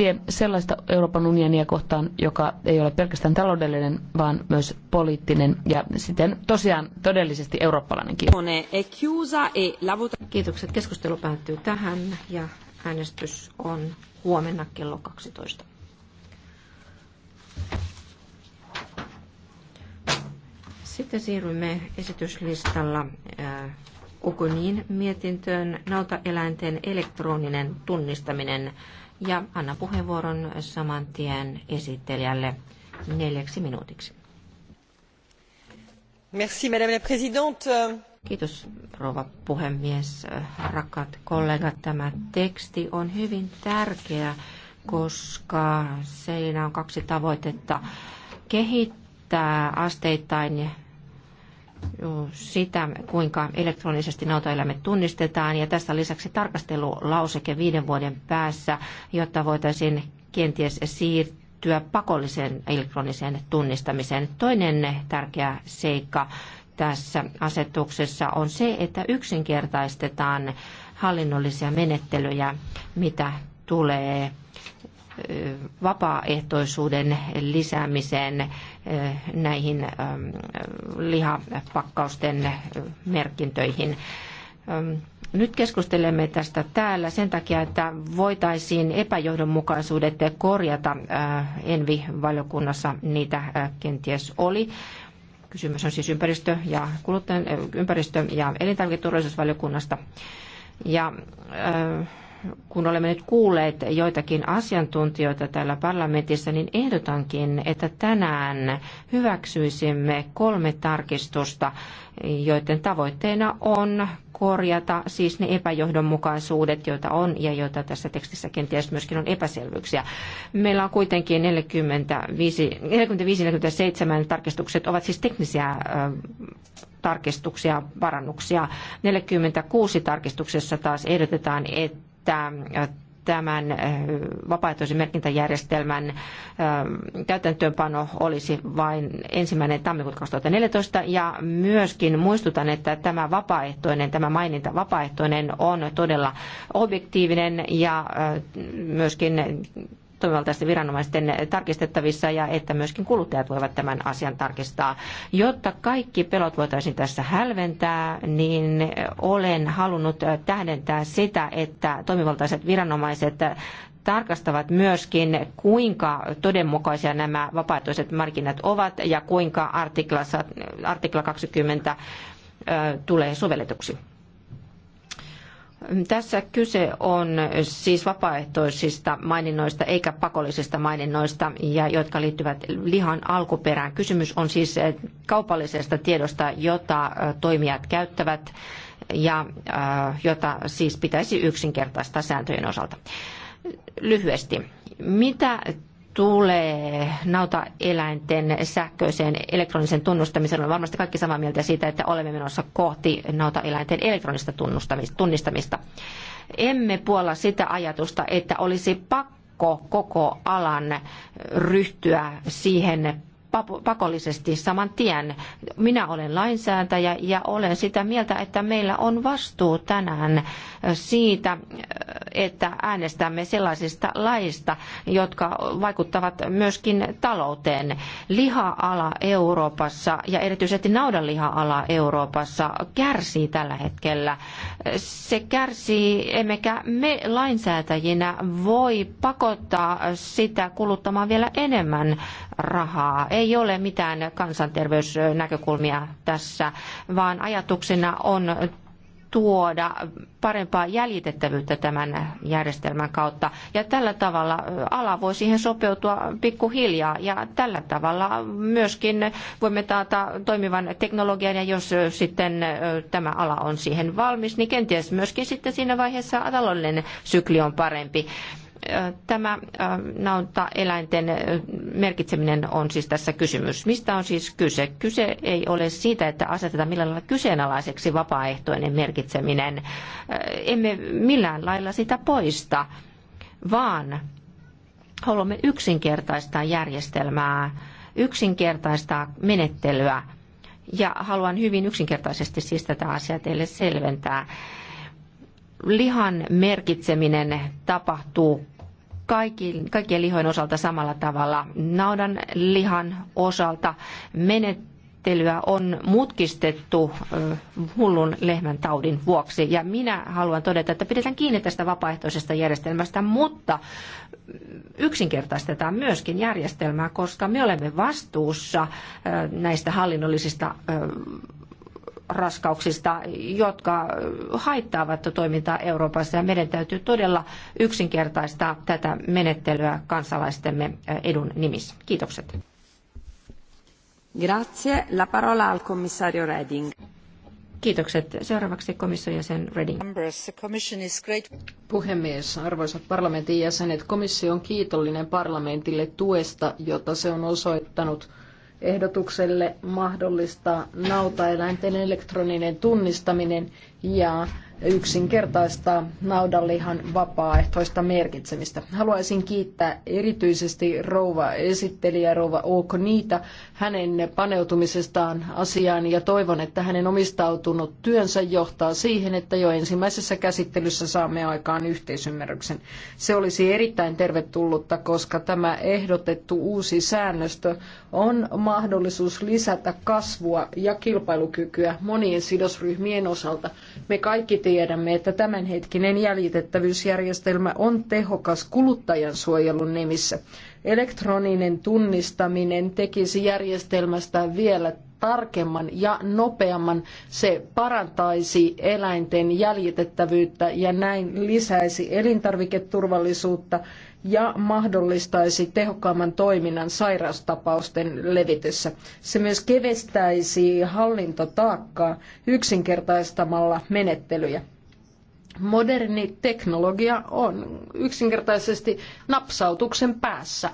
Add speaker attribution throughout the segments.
Speaker 1: tie sellaista Euroopan unionia kohtaan, joka ei ole pelkästään taloudellinen, vaan myös poliittinen ja siten tosiaan todellisesti eurooppalainen.
Speaker 2: Kiitos.
Speaker 3: E Kiitokset. Keskustelu päättyy tähän ja äänestys on huomenna kello 12. Sitten siirrymme esityslistalla Okoniin äh, mietintöön nautaeläinten elektroninen tunnistaminen. Ja anna puheenvuoron saman tien esittelijälle neljäksi minuutiksi. Merci, Madame la Présidente. Kiitos rouva puhemies. Rakkaat kollegat, tämä teksti on hyvin tärkeä, koska siinä on kaksi tavoitetta. Kehittää asteittain sitä, kuinka elektronisesti nautaeläimet tunnistetaan ja tässä lisäksi tarkastelulauseke viiden vuoden päässä, jotta voitaisiin kenties siirtyä pakolliseen elektroniseen tunnistamiseen. Toinen tärkeä seikka tässä asetuksessa on se, että yksinkertaistetaan hallinnollisia menettelyjä, mitä tulee vapaaehtoisuuden lisäämiseen eh, näihin ehm, lihapakkausten eh, merkintöihin. Ehm, nyt keskustelemme tästä täällä sen takia, että voitaisiin epäjohdonmukaisuudet korjata. Eh, Envi-valiokunnassa niitä kenties oli. Kysymys on siis ympäristö- ja, kuluttajan, ympäristö- ja elintarviketurvallisuusvaliokunnasta. Ja, äh, kun olemme nyt kuulleet joitakin asiantuntijoita täällä parlamentissa, niin ehdotankin, että tänään hyväksyisimme kolme tarkistusta, joiden tavoitteena on korjata siis ne epäjohdonmukaisuudet, joita on ja joita tässä tekstissä kenties myöskin on epäselvyyksiä. Meillä on kuitenkin 45-47 tarkistukset, ovat siis teknisiä tarkistuksia, parannuksia. 46 tarkistuksessa taas ehdotetaan, että että äh, tämän äh, vapaaehtoisen merkintäjärjestelmän käytäntöönpano äh, olisi vain ensimmäinen tammikuuta 2014 ja myöskin muistutan, että tämä vapaaehtoinen, tämä maininta vapaaehtoinen on todella objektiivinen ja myöskin toimivaltaisten viranomaisten tarkistettavissa ja että myöskin kuluttajat voivat tämän asian tarkistaa. Jotta kaikki pelot voitaisiin tässä hälventää, niin olen halunnut tähdentää sitä, että toimivaltaiset viranomaiset tarkastavat myöskin, kuinka todenmukaisia nämä vapaaehtoiset markkinat ovat ja kuinka artikla 20 tulee sovelletuksi. Tässä kyse on siis vapaaehtoisista maininnoista eikä pakollisista maininnoista, ja jotka liittyvät lihan alkuperään. Kysymys on siis kaupallisesta tiedosta, jota toimijat käyttävät ja jota siis pitäisi yksinkertaistaa sääntöjen osalta. Lyhyesti, mitä tulee nautaeläinten sähköiseen elektronisen tunnustamiseen, olemme varmasti kaikki samaa mieltä siitä, että olemme menossa kohti nautaeläinten elektronista tunnistamista. Emme puolla sitä ajatusta, että olisi pakko koko alan ryhtyä siihen pakollisesti saman tien. Minä olen lainsäätäjä ja olen sitä mieltä, että meillä on vastuu tänään siitä, että äänestämme sellaisista laista, jotka vaikuttavat myöskin talouteen. Liha-ala Euroopassa ja erityisesti naudanliha-ala Euroopassa kärsii tällä hetkellä. Se kärsii, emmekä me lainsäätäjinä voi pakottaa sitä kuluttamaan vielä enemmän rahaa, ei ole mitään kansanterveysnäkökulmia tässä, vaan ajatuksena on tuoda parempaa jäljitettävyyttä tämän järjestelmän kautta. Ja tällä tavalla ala voi siihen sopeutua pikkuhiljaa ja tällä tavalla myöskin voimme taata toimivan teknologian ja jos sitten tämä ala on siihen valmis, niin kenties myöskin sitten siinä vaiheessa taloudellinen sykli on parempi. Tämä nautta eläinten merkitseminen on siis tässä kysymys. Mistä on siis kyse? Kyse ei ole siitä, että asetetaan millään lailla kyseenalaiseksi vapaaehtoinen merkitseminen. Emme millään lailla sitä poista, vaan haluamme yksinkertaistaa järjestelmää, yksinkertaistaa menettelyä. Ja haluan hyvin yksinkertaisesti siis tätä asiaa teille selventää lihan merkitseminen tapahtuu kaikkien, kaikkien lihojen osalta samalla tavalla. Naudan lihan osalta menettelyä on mutkistettu hullun lehmän taudin vuoksi. Ja minä haluan todeta, että pidetään kiinni tästä vapaaehtoisesta järjestelmästä, mutta yksinkertaistetaan myöskin järjestelmää, koska me olemme vastuussa näistä hallinnollisista raskauksista, jotka haittaavat toimintaa Euroopassa ja meidän täytyy todella yksinkertaistaa tätä menettelyä kansalaistemme edun nimissä. Kiitokset. Grazie. La parola al commissario Reding. Kiitokset. Seuraavaksi komission jäsen Reding.
Speaker 4: Puhemies, arvoisat parlamentin jäsenet, komissio on kiitollinen parlamentille tuesta, jota se on osoittanut – ehdotukselle mahdollistaa nautaeläinten elektroninen tunnistaminen ja yksinkertaistaa naudanlihan vapaaehtoista merkitsemistä. Haluaisin kiittää erityisesti rouva esittelijä rouva Ookoniita hänen paneutumisestaan asiaan ja toivon, että hänen omistautunut työnsä johtaa siihen, että jo ensimmäisessä käsittelyssä saamme aikaan yhteisymmärryksen. Se olisi erittäin tervetullutta, koska tämä ehdotettu uusi säännöstö on mahdollisuus lisätä kasvua ja kilpailukykyä monien sidosryhmien osalta. Me kaikki tiedämme, että tämänhetkinen jäljitettävyysjärjestelmä on tehokas kuluttajan suojelun nimissä. Elektroninen tunnistaminen tekisi järjestelmästä vielä tarkemman ja nopeamman. Se parantaisi eläinten jäljitettävyyttä ja näin lisäisi elintarviketurvallisuutta ja mahdollistaisi tehokkaamman toiminnan sairaustapausten levitessä. Se myös kevestäisi hallintotaakkaa yksinkertaistamalla menettelyjä. Moderni teknologia on yksinkertaisesti napsautuksen päässä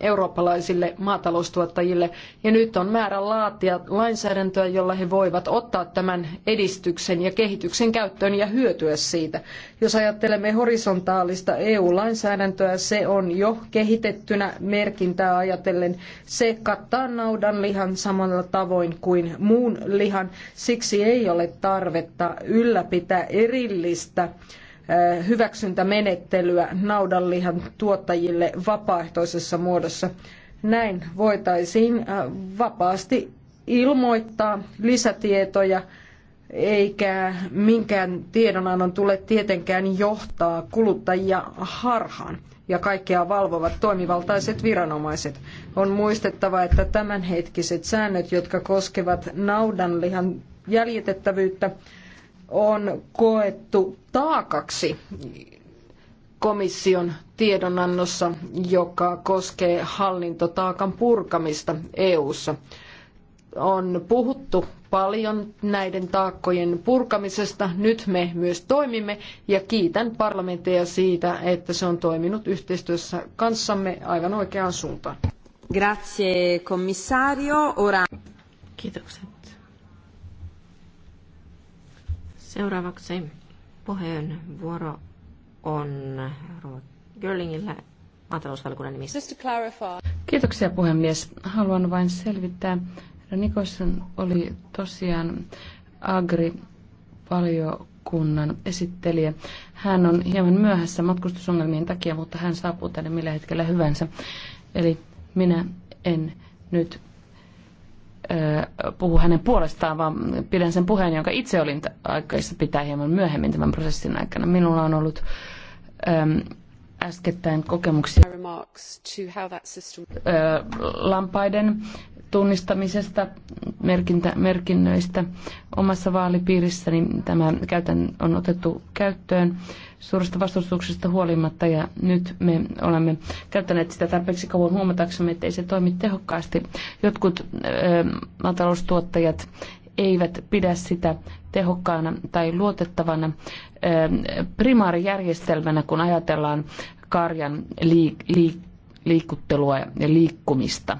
Speaker 4: eurooppalaisille maataloustuottajille. Ja nyt on määrä laatia lainsäädäntöä, jolla he voivat ottaa tämän edistyksen ja kehityksen käyttöön ja hyötyä siitä. Jos ajattelemme horisontaalista EU-lainsäädäntöä, se on jo kehitettynä merkintää ajatellen. Se kattaa naudanlihan samalla tavoin kuin muun lihan. Siksi ei ole tarvetta ylläpitää erillistä hyväksyntämenettelyä naudanlihan tuottajille vapaaehtoisessa muodossa. Näin voitaisiin vapaasti ilmoittaa lisätietoja, eikä minkään tiedonannon tule tietenkään johtaa kuluttajia harhaan ja kaikkea valvovat toimivaltaiset viranomaiset. On muistettava, että tämänhetkiset säännöt, jotka koskevat naudanlihan jäljitettävyyttä, on koettu taakaksi komission tiedonannossa, joka koskee hallintotaakan purkamista EU:ssa. On puhuttu paljon näiden taakkojen purkamisesta. Nyt me myös toimimme ja kiitän parlamentteja siitä, että se on toiminut yhteistyössä kanssamme aivan oikeaan suuntaan.
Speaker 2: Grazie, commissario. Ora...
Speaker 3: Kiitoksia Seuraavaksi puheenvuoro on Görlingillä maatalousvaliokunnan nimissä.
Speaker 1: Kiitoksia puhemies. Haluan vain selvittää. Nikosen oli tosiaan agri kunnan esittelijä. Hän on hieman myöhässä matkustusongelmien takia, mutta hän saapuu tänne millä hetkellä hyvänsä. Eli minä en nyt Äh, puhu hänen puolestaan, vaan pidän sen puheen, jonka itse olin aikaista pitää hieman myöhemmin tämän prosessin aikana. Minulla on ollut ähm, äskettäin kokemuksia äh, lampaiden tunnistamisesta, merkintä, merkinnöistä. Omassa vaalipiirissäni tämä käytän, on otettu käyttöön suuresta vastustuksesta huolimatta ja nyt me olemme käyttäneet sitä tarpeeksi kauan huomataksemme, että ei se toimi tehokkaasti. Jotkut ö, maataloustuottajat eivät pidä sitä tehokkaana tai luotettavana ö, primaarijärjestelmänä, kun ajatellaan karjan liik- liik- liikuttelua ja liikkumista.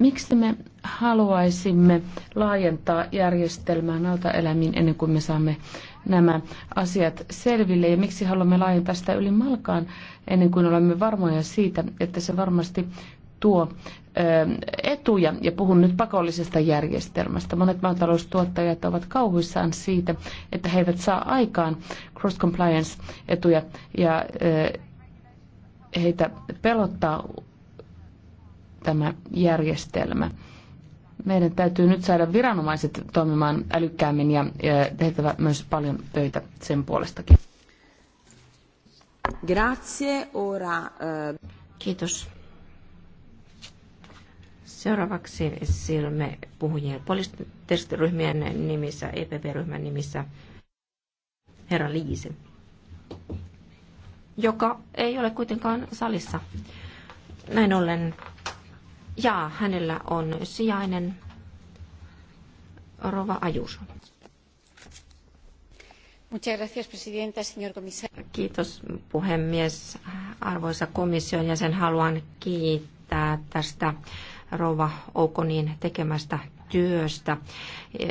Speaker 1: Miksi me haluaisimme laajentaa järjestelmää nautaeläimiin ennen kuin me saamme nämä asiat selville ja miksi haluamme laajentaa sitä yli malkaan ennen kuin olemme varmoja siitä, että se varmasti tuo etuja, ja puhun nyt pakollisesta järjestelmästä. Monet maataloustuottajat ovat kauhuissaan siitä, että he eivät saa aikaan cross-compliance-etuja, ja heitä pelottaa tämä järjestelmä. Meidän täytyy nyt saada viranomaiset toimimaan älykkäämmin ja tehtävä myös paljon töitä sen puolestakin.
Speaker 2: Grazie, ora, eh. Kiitos.
Speaker 3: Seuraavaksi siirrymme puhujien poliittisten ryhmien nimissä, EPP-ryhmän nimissä, herra Liise, joka ei ole kuitenkaan salissa. Näin ollen ja hänellä on sijainen Rova Ajuso. Kiitos puhemies. Arvoisa komission jäsen, haluan kiittää tästä Rova Oukonin tekemästä työstä.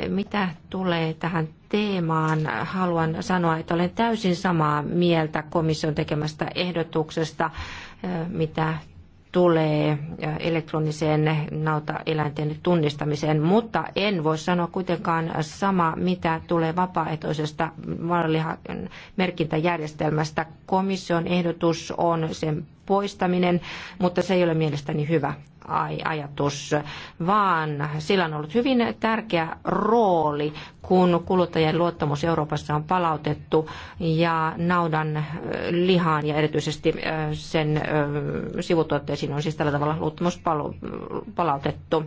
Speaker 3: Mitä tulee tähän teemaan, haluan sanoa, että olen täysin samaa mieltä komission tekemästä ehdotuksesta, mitä tulee elektroniseen nautaeläinten tunnistamiseen, mutta en voi sanoa kuitenkaan sama, mitä tulee vapaaehtoisesta merkintäjärjestelmästä. Komission ehdotus on sen poistaminen, mutta se ei ole mielestäni hyvä ajatus, vaan sillä on ollut hyvin tärkeä rooli, kun kuluttajien luottamus Euroopassa on palautettu ja naudan lihaan ja erityisesti sen sivutuotteisiin on siis tällä tavalla luottamus palautettu.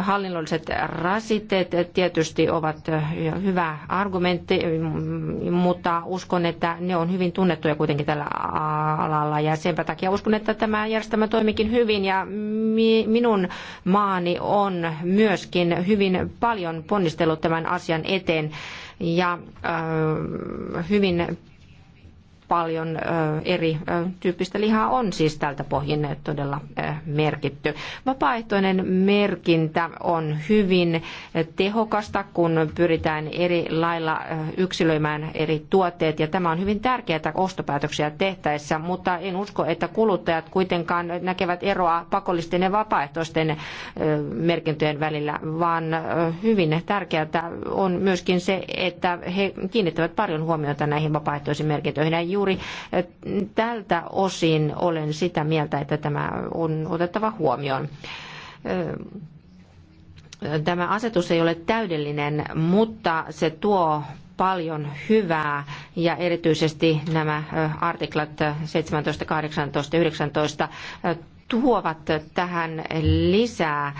Speaker 3: Hallinnolliset rasitteet tietysti ovat hyvä argumentti, mm, mutta uskon, että ne on hyvin tunnettuja kuitenkin tällä alalla ja senpä takia uskon, että tämä järjestelmä toimikin hyvin ja minun maani on myöskin hyvin paljon ponnistellut tämän asian asian eteen ja hyvin paljon eri tyyppistä lihaa on siis tältä pohjin todella merkitty. Vapaaehtoinen merkintä on hyvin tehokasta, kun pyritään eri lailla yksilöimään eri tuotteet, ja tämä on hyvin tärkeää ostopäätöksiä tehtäessä, mutta en usko, että kuluttajat kuitenkaan näkevät eroa pakollisten ja vapaaehtoisten merkintöjen välillä, vaan hyvin tärkeää on myöskin se, että he kiinnittävät paljon huomiota näihin vapaaehtoisiin merkintöihin juuri eh, tältä osin olen sitä mieltä, että tämä on otettava huomioon eh, tämä asetus ei ole täydellinen, mutta se tuo paljon hyvää ja erityisesti nämä eh, artiklat 17, 18, 19 tuovat tähän lisää äh,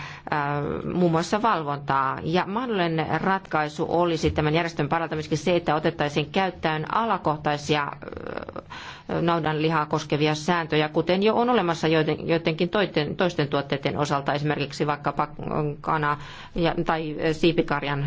Speaker 3: muun muassa valvontaa. Ja mahdollinen ratkaisu olisi tämän järjestön parantamiseksi se, että otettaisiin käyttöön alakohtaisia äh, naudanlihaa koskevia sääntöjä, kuten jo on olemassa joidenkin toisten, toisten tuotteiden osalta, esimerkiksi vaikkapa äh, kana- tai siipikarjan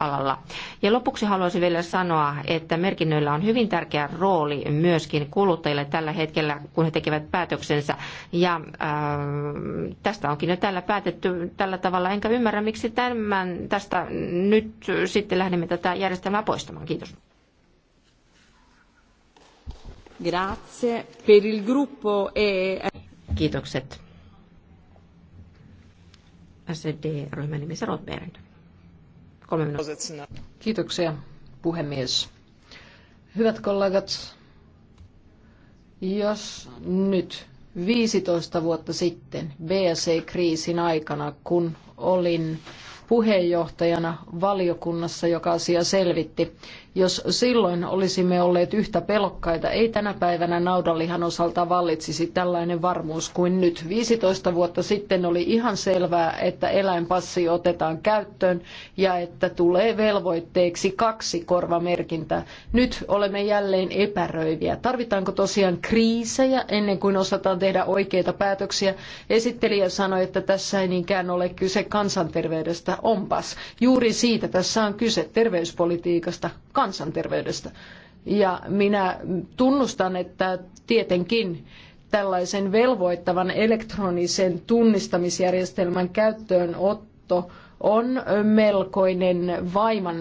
Speaker 3: alalla. Ja lopuksi haluaisin vielä sanoa, että merkinnöillä on hyvin tärkeä rooli myöskin kuluttajille tällä hetkellä, kun he tekevät päätöksen yhdessä. Ja äh, tästä onkin jo tällä päätetty tällä tavalla, enkä ymmärrä, miksi tämän, tästä nyt sitten lähdemme tätä järjestelmää poistamaan. Kiitos.
Speaker 4: Grazie per il gruppo e...
Speaker 3: Kiitokset. SD-ryhmän nimissä Rotberg. Kolme
Speaker 4: minuuttia. Kiitoksia, puhemies. Hyvät kollegat, jos nyt 15 vuotta sitten BSE-kriisin aikana, kun olin puheenjohtajana valiokunnassa, joka asia selvitti. Jos silloin olisimme olleet yhtä pelokkaita, ei tänä päivänä naudanlihan osalta vallitsisi tällainen varmuus kuin nyt. 15 vuotta sitten oli ihan selvää, että eläinpassi otetaan käyttöön ja että tulee velvoitteeksi kaksi korvamerkintää. Nyt olemme jälleen epäröiviä. Tarvitaanko tosiaan kriisejä ennen kuin osataan tehdä oikeita päätöksiä? Esittelijä sanoi, että tässä ei niinkään ole kyse kansanterveydestä. Onpas. Juuri siitä tässä on kyse terveyspolitiikasta. Kans kansanterveydestä. Ja minä tunnustan, että tietenkin tällaisen velvoittavan elektronisen tunnistamisjärjestelmän käyttöönotto on melkoinen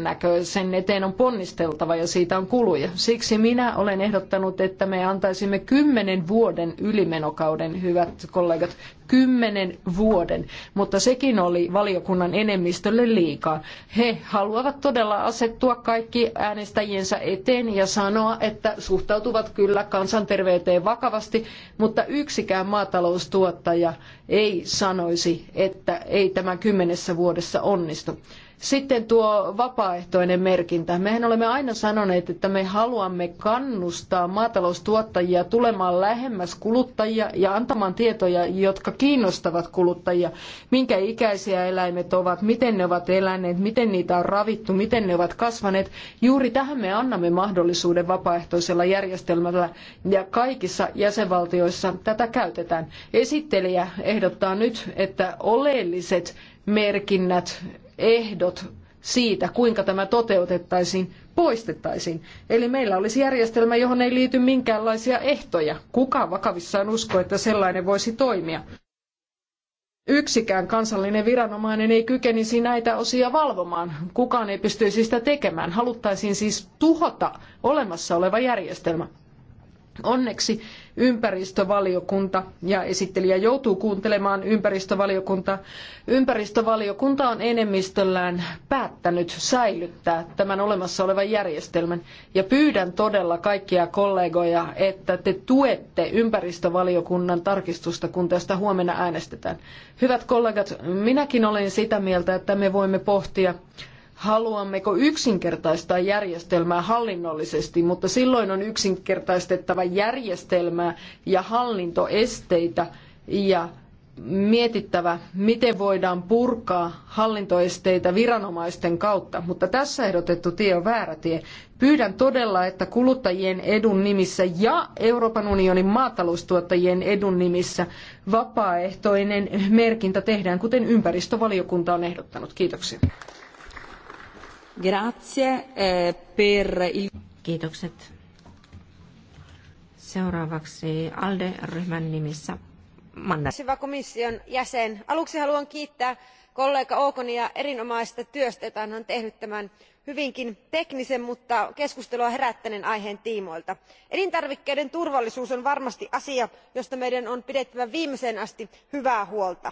Speaker 4: näkö. Sen eteen on ponnisteltava ja siitä on kuluja. Siksi minä olen ehdottanut, että me antaisimme kymmenen vuoden ylimenokauden, hyvät kollegat kymmenen vuoden, mutta sekin oli valiokunnan enemmistölle liikaa. He haluavat todella asettua kaikki äänestäjiensä eteen ja sanoa, että suhtautuvat kyllä kansanterveyteen vakavasti, mutta yksikään maataloustuottaja ei sanoisi, että ei tämä kymmenessä vuodessa onnistu. Sitten tuo vapaaehtoinen merkintä. Mehän olemme aina sanoneet, että me haluamme kannustaa maataloustuottajia tulemaan lähemmäs kuluttajia ja antamaan tietoja, jotka kiinnostavat kuluttajia. Minkä ikäisiä eläimet ovat, miten ne ovat eläneet, miten niitä on ravittu, miten ne ovat kasvaneet. Juuri tähän me annamme mahdollisuuden vapaaehtoisella järjestelmällä ja kaikissa jäsenvaltioissa tätä käytetään. Esittelijä ehdottaa nyt, että oleelliset merkinnät ehdot siitä, kuinka tämä toteutettaisiin, poistettaisiin. Eli meillä olisi järjestelmä, johon ei liity minkäänlaisia ehtoja. Kuka vakavissaan uskoo, että sellainen voisi toimia? Yksikään kansallinen viranomainen ei kykenisi näitä osia valvomaan. Kukaan ei pystyisi sitä tekemään. Haluttaisiin siis tuhota olemassa oleva järjestelmä. Onneksi ympäristövaliokunta ja esittelijä joutuu kuuntelemaan ympäristövaliokunta. Ympäristövaliokunta on enemmistöllään päättänyt säilyttää tämän olemassa olevan järjestelmän ja pyydän todella kaikkia kollegoja, että te tuette ympäristövaliokunnan tarkistusta, kun tästä huomenna äänestetään. Hyvät kollegat, minäkin olen sitä mieltä, että me voimme pohtia haluammeko yksinkertaistaa järjestelmää hallinnollisesti, mutta silloin on yksinkertaistettava järjestelmää ja hallintoesteitä ja mietittävä, miten voidaan purkaa hallintoesteitä viranomaisten kautta, mutta tässä ehdotettu tie on väärä tie. Pyydän todella, että kuluttajien edun nimissä ja Euroopan unionin maataloustuottajien edun nimissä vapaaehtoinen merkintä tehdään, kuten ympäristövaliokunta on ehdottanut. Kiitoksia.
Speaker 3: Grazie eh, per il... Kiitokset. Seuraavaksi ALDE-ryhmän nimissä Manna.
Speaker 2: Hyvä komission jäsen. Aluksi haluan kiittää kollega Okonia erinomaisesta työstä, jota hän on tehnyt tämän hyvinkin teknisen mutta keskustelua herättäneen aiheen tiimoilta. Elintarvikkeiden turvallisuus on varmasti asia, josta meidän on pidettävä viimeiseen asti hyvää huolta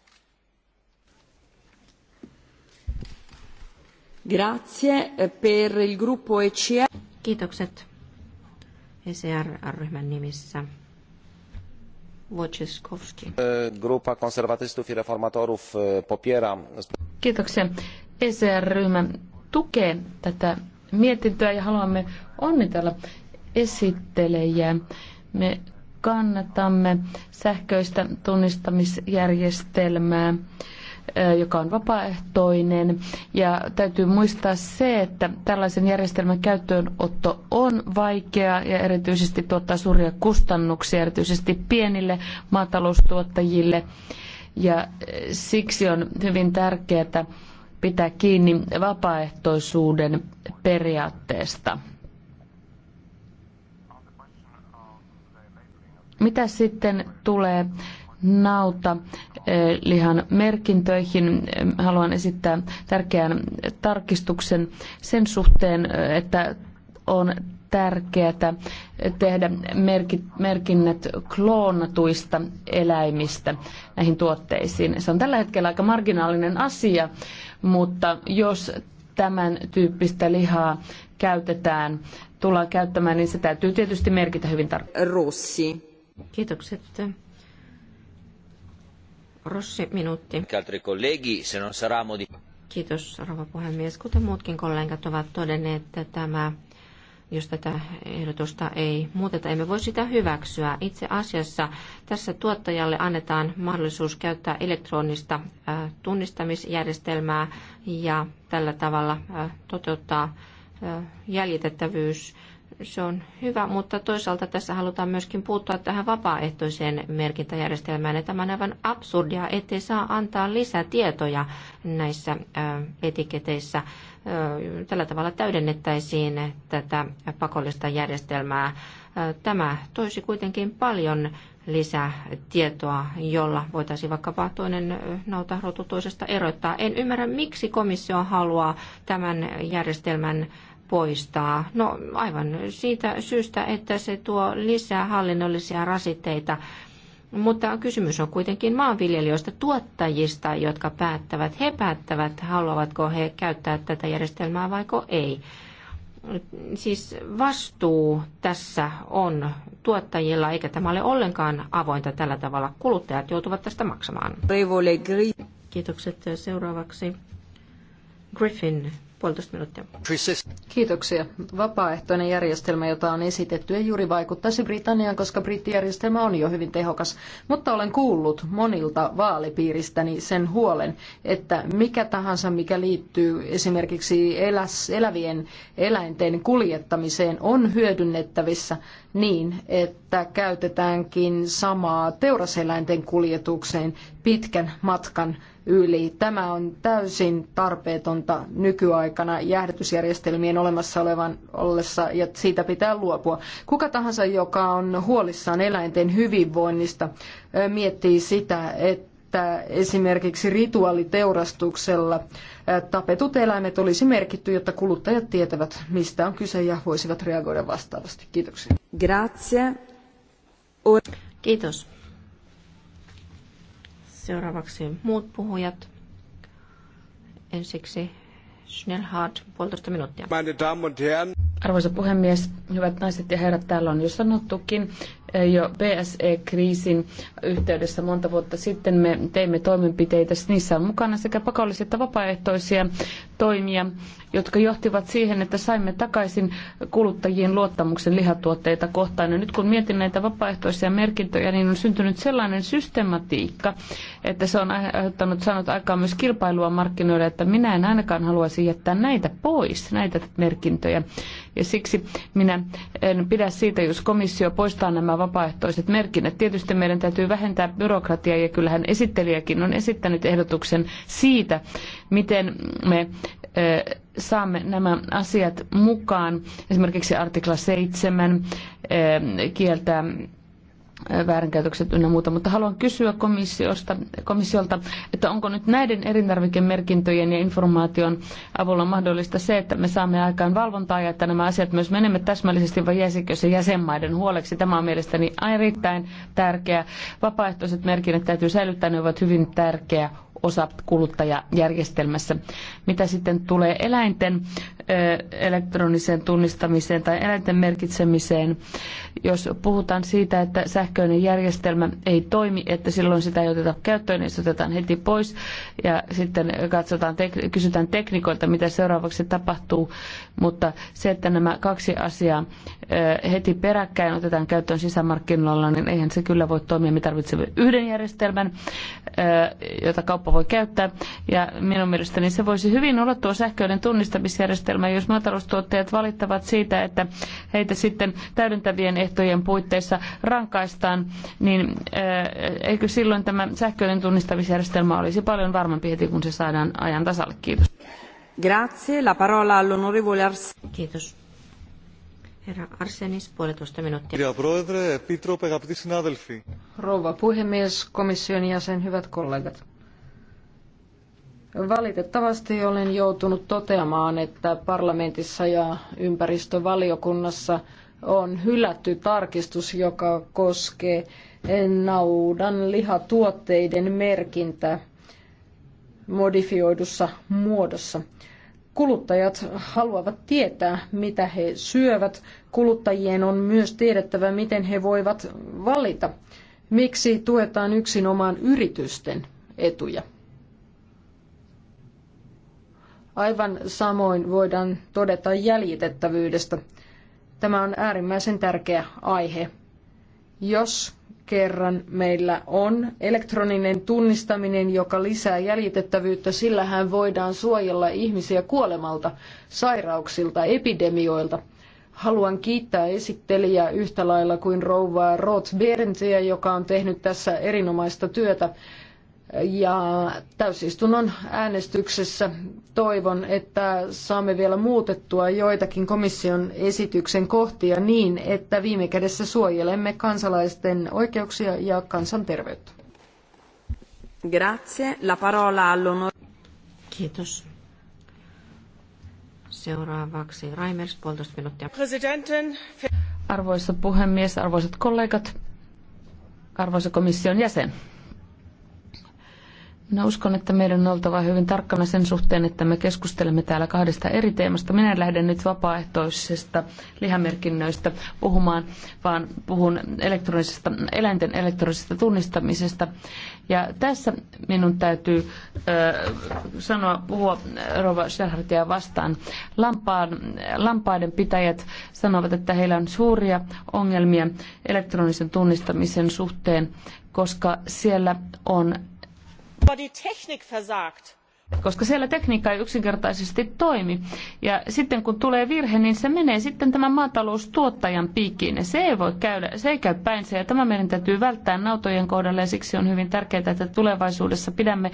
Speaker 3: Grazie eh, per il gruppo ECR. Kiitokset ECR-ryhmän nimissä. Wojciechowski. E,
Speaker 4: grupa konservatystów i reformatorów e, popiera.
Speaker 3: Kiitoksia.
Speaker 1: ECR-ryhmä tukee tätä mietintöä ja haluamme onnitella esittelejää. Me kannatamme sähköistä tunnistamisjärjestelmää joka on vapaaehtoinen. Ja täytyy muistaa se, että tällaisen järjestelmän käyttöönotto on vaikea ja erityisesti tuottaa suuria kustannuksia, erityisesti pienille maataloustuottajille. Ja siksi on hyvin tärkeää pitää kiinni vapaaehtoisuuden periaatteesta. Mitä sitten tulee nauta eh, lihan merkintöihin. Eh, haluan esittää tärkeän tarkistuksen sen suhteen, eh, että on tärkeää tehdä merkinnät kloonatuista eläimistä näihin tuotteisiin. Se on tällä hetkellä aika marginaalinen asia, mutta jos tämän tyyppistä lihaa käytetään, tullaan käyttämään, niin se täytyy tietysti merkitä hyvin tarkkaan. Russi. Kiitokset.
Speaker 3: Rossi, minuutti. Kiitos, rouva puhemies. Kuten muutkin kollegat ovat todenneet, että tämä, jos tätä ehdotusta ei muuteta, emme voi sitä hyväksyä. Itse asiassa tässä tuottajalle annetaan mahdollisuus käyttää elektronista tunnistamisjärjestelmää ja tällä tavalla toteuttaa jäljitettävyys se on hyvä, mutta toisaalta tässä halutaan myöskin puuttua tähän vapaaehtoiseen merkintäjärjestelmään. Ja tämä on aivan absurdia, ettei saa antaa lisätietoja näissä etiketeissä. Tällä tavalla täydennettäisiin tätä pakollista järjestelmää. Tämä toisi kuitenkin paljon lisätietoa, jolla voitaisiin vaikkapa toinen nautarotu toisesta erottaa. En ymmärrä, miksi komissio haluaa tämän järjestelmän poistaa? No aivan siitä syystä, että se tuo lisää hallinnollisia rasitteita mutta kysymys on kuitenkin maanviljelijöistä, tuottajista, jotka päättävät. He päättävät, haluavatko he käyttää tätä järjestelmää vaiko ei. Siis vastuu tässä on tuottajilla, eikä tämä ole ollenkaan avointa tällä tavalla. Kuluttajat joutuvat tästä maksamaan. Kiitokset seuraavaksi. Griffin puolitoista minuuttia. Kiitoksia. Vapaaehtoinen
Speaker 4: järjestelmä, jota on esitetty, ei juuri vaikuttaisi Britanniaan, koska brittijärjestelmä on jo hyvin tehokas. Mutta olen kuullut monilta vaalipiiristäni sen huolen, että mikä tahansa, mikä liittyy esimerkiksi eläs, elävien eläinten kuljettamiseen, on hyödynnettävissä niin, että käytetäänkin samaa teuraseläinten kuljetukseen pitkän matkan yli. Tämä on täysin tarpeetonta nykyaikana jäähdytysjärjestelmien olemassa olevan ollessa ja siitä pitää luopua. Kuka tahansa, joka on huolissaan eläinten hyvinvoinnista, miettii sitä, että että esimerkiksi rituaaliteurastuksella tapetut eläimet olisi merkitty, jotta kuluttajat tietävät, mistä on kyse ja voisivat reagoida
Speaker 3: vastaavasti. Kiitoksia. Grazie. Kiitos. Seuraavaksi muut puhujat. Ensiksi Schnellhardt, puolitoista minuuttia. Meine Damen und Herren. Arvoisa puhemies,
Speaker 1: hyvät naiset ja herrat, täällä on jo sanottukin e, jo PSE-kriisin yhteydessä monta vuotta sitten me teimme toimenpiteitä. Niissä on mukana sekä pakollisia että vapaaehtoisia toimia, jotka johtivat siihen, että saimme takaisin kuluttajien luottamuksen lihatuotteita kohtaan. Ja nyt kun mietin näitä vapaaehtoisia merkintöjä, niin on syntynyt sellainen systematiikka, että se on aiheuttanut sanot aikaa myös kilpailua markkinoille, että minä en ainakaan haluaisi jättää näitä pois, näitä merkintöjä. Ja siksi minä en pidä siitä, jos komissio poistaa nämä vapaaehtoiset merkinnät. Tietysti meidän täytyy vähentää byrokratiaa ja kyllähän esittelijäkin on esittänyt ehdotuksen siitä, miten me saamme nämä asiat mukaan. Esimerkiksi artikla 7 kieltää väärinkäytökset ynnä muuta, mutta haluan kysyä komissiosta, komissiolta, että onko nyt näiden elintarvikemerkintöjen ja informaation avulla mahdollista se, että me saamme aikaan valvontaa ja että nämä asiat myös menemme täsmällisesti vai jäisikö se jäsenmaiden huoleksi. Tämä on mielestäni erittäin tärkeä. Vapaaehtoiset merkinnät täytyy säilyttää, ne ovat hyvin tärkeä osa kuluttajajärjestelmässä. Mitä sitten tulee eläinten elektroniseen tunnistamiseen tai eläinten merkitsemiseen, jos puhutaan siitä, että sähköinen järjestelmä ei toimi, että silloin sitä ei oteta käyttöön, niin se otetaan heti pois ja sitten katsotaan, kysytään teknikoilta, mitä seuraavaksi tapahtuu, mutta se, että nämä kaksi asiaa heti peräkkäin otetaan käyttöön sisämarkkinoilla, niin eihän se kyllä voi toimia. Me tarvitsemme yhden järjestelmän, jota kauppa voi käyttää. Ja minun mielestäni se voisi hyvin olla tuo sähköinen tunnistamisjärjestelmä, jos maataloustuottajat valittavat siitä, että heitä sitten täydentävien ehtojen puitteissa rankaistaan, niin eikö silloin tämä sähköinen tunnistamisjärjestelmä olisi paljon varmempi heti, kun se saadaan ajan tasalle. Kiitos.
Speaker 3: Grazie. La parola all'onorevole Ars. Kiitos. Herra Arsenis, puolitoista minuuttia. Rouva puhemies,
Speaker 4: komission jäsen, hyvät kollegat. Valitettavasti olen joutunut toteamaan, että parlamentissa ja ympäristövaliokunnassa on hylätty tarkistus, joka koskee naudan lihatuotteiden merkintää modifioidussa muodossa. Kuluttajat haluavat tietää, mitä he syövät. Kuluttajien on myös tiedettävä, miten he voivat valita. Miksi tuetaan yksinomaan yritysten etuja? Aivan samoin voidaan todeta jäljitettävyydestä. Tämä on äärimmäisen tärkeä aihe. Jos kerran meillä on elektroninen tunnistaminen, joka lisää jäljitettävyyttä, sillähän voidaan suojella ihmisiä kuolemalta, sairauksilta, epidemioilta. Haluan kiittää esittelijää yhtä lailla kuin rouva Roth Berentiä, joka on tehnyt tässä erinomaista työtä. Ja täysistunnon äänestyksessä toivon, että saamme vielä muutettua joitakin komission esityksen kohtia niin, että viime kädessä suojelemme kansalaisten oikeuksia ja kansanterveyttä.
Speaker 2: Grazie. La parola all'onore. Kiitos.
Speaker 3: Seuraavaksi Raimers, puolitoista minuuttia.
Speaker 1: Presidentin. Arvoisa puhemies, arvoisat kollegat, arvoisa komission jäsen. Minä uskon, että meidän on oltava hyvin tarkkana sen suhteen, että me keskustelemme täällä kahdesta eri teemasta. Minä lähde nyt vapaaehtoisesta lihamerkinnöistä puhumaan, vaan puhun elektronisesta, eläinten elektronisesta tunnistamisesta. Ja tässä minun täytyy sanoa, puhua Rova Scherhardia vastaan. Lampaan, lampaiden pitäjät sanovat, että heillä on suuria ongelmia elektronisen tunnistamisen suhteen, koska siellä on weil die technik versagt koska siellä tekniikka ei yksinkertaisesti toimi. Ja sitten kun tulee virhe, niin se menee sitten tämän maataloustuottajan piikkiin. Ja se ei voi käydä, se ei käy päin ja tämä meidän täytyy välttää nautojen kohdalla ja siksi on hyvin tärkeää, että tulevaisuudessa pidämme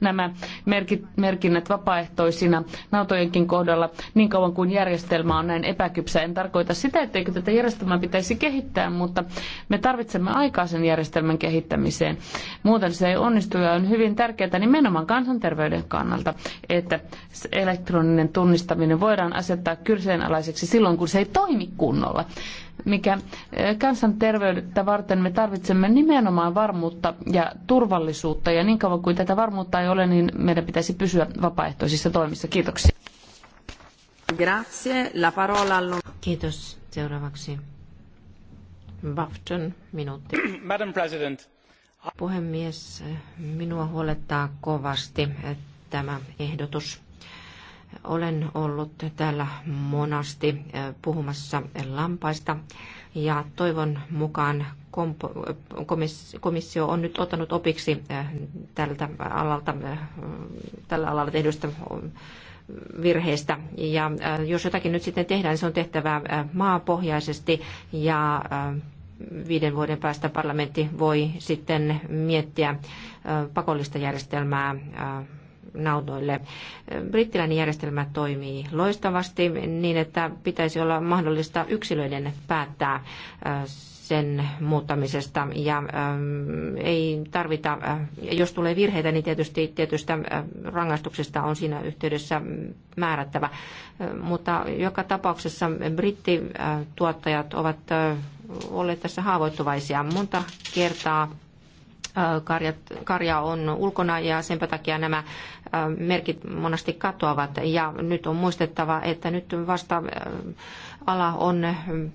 Speaker 1: nämä merkit, merkinnät vapaaehtoisina nautojenkin kohdalla niin kauan kuin järjestelmä on näin epäkypsä. En tarkoita sitä, etteikö tätä järjestelmää pitäisi kehittää, mutta me tarvitsemme aikaa sen järjestelmän kehittämiseen. Muuten se ei onnistu ja on hyvin tärkeää nimenomaan kansanterveyden kanssa kannalta, että elektroninen tunnistaminen voidaan asettaa kyseenalaiseksi silloin, kun se ei toimi kunnolla mikä eh, kansanterveyttä varten me tarvitsemme nimenomaan varmuutta ja turvallisuutta. Ja niin kauan kuin tätä varmuutta ei ole, niin meidän pitäisi pysyä vapaaehtoisissa
Speaker 3: toimissa. Kiitoksia. Grazie. La parola Kiitos. Seuraavaksi Bafton minuutti.
Speaker 1: Madam President.
Speaker 3: Puhemies, minua huolettaa kovasti tämä ehdotus. Olen ollut täällä monasti eh, puhumassa lampaista ja toivon mukaan eh, komissio on nyt ottanut opiksi eh, tältä alalta, tällä alalla tehdystä virheestä. Ja jos jotakin nyt sitten tehdään, niin se on tehtävä maapohjaisesti ja viiden vuoden päästä parlamentti voi sitten miettiä pakollista järjestelmää naudoille. Brittiläinen järjestelmä toimii loistavasti niin, että pitäisi olla mahdollista yksilöiden päättää äh, sen muuttamisesta. Ja ähm, ei tarvita, äh, jos tulee virheitä, niin tietysti tietystä äh, rangaistuksesta on siinä yhteydessä määrättävä. Äh, mutta joka tapauksessa brittituottajat äh, ovat äh, olleet tässä haavoittuvaisia monta kertaa. Äh, karjat, karja on ulkona ja sen takia nämä merkit monesti katoavat. Ja nyt on muistettava, että nyt vasta ala on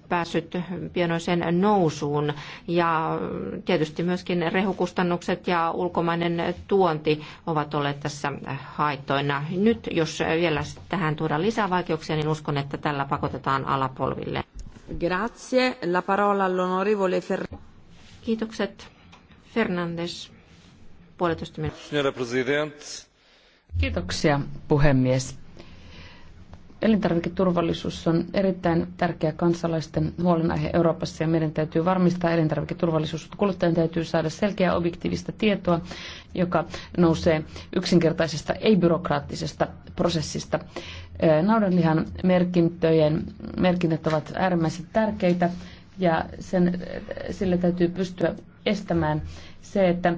Speaker 3: päässyt pienoiseen nousuun ja tietysti myöskin rehukustannukset ja ulkomainen tuonti ovat olleet tässä haittoina. Nyt jos vielä tähän tuodaan lisää vaikeuksia, niin uskon, että tällä pakotetaan alapolville. Grazie. La parola all'onorevole Fer- Kiitokset. Fernandes, puolitoista minuuttia. Kiitoksia puhemies.
Speaker 1: Elintarviketurvallisuus on erittäin tärkeä kansalaisten huolenaihe Euroopassa ja meidän täytyy varmistaa elintarviketurvallisuus. Kuluttajan täytyy saada selkeää objektiivista tietoa, joka nousee yksinkertaisesta ei-byrokraattisesta prosessista. Naudanlihan merkintöjen, merkinnät ovat äärimmäisen tärkeitä ja sen, sillä täytyy pystyä estämään se, että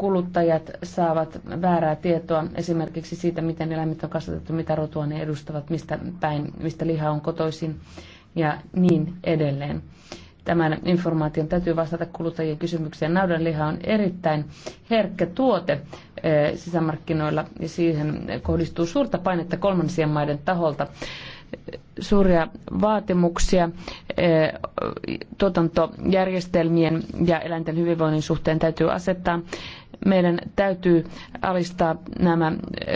Speaker 1: kuluttajat saavat väärää tietoa esimerkiksi siitä, miten eläimet on kasvatettu, mitä rotua ne edustavat, mistä päin, mistä liha on kotoisin ja niin edelleen. Tämän informaation täytyy vastata kuluttajien kysymykseen. Naudanliha on erittäin herkkä tuote eh, sisämarkkinoilla ja siihen kohdistuu suurta painetta kolmansien maiden taholta suuria vaatimuksia eh, tuotantojärjestelmien ja eläinten hyvinvoinnin suhteen täytyy asettaa meidän täytyy alistaa nämä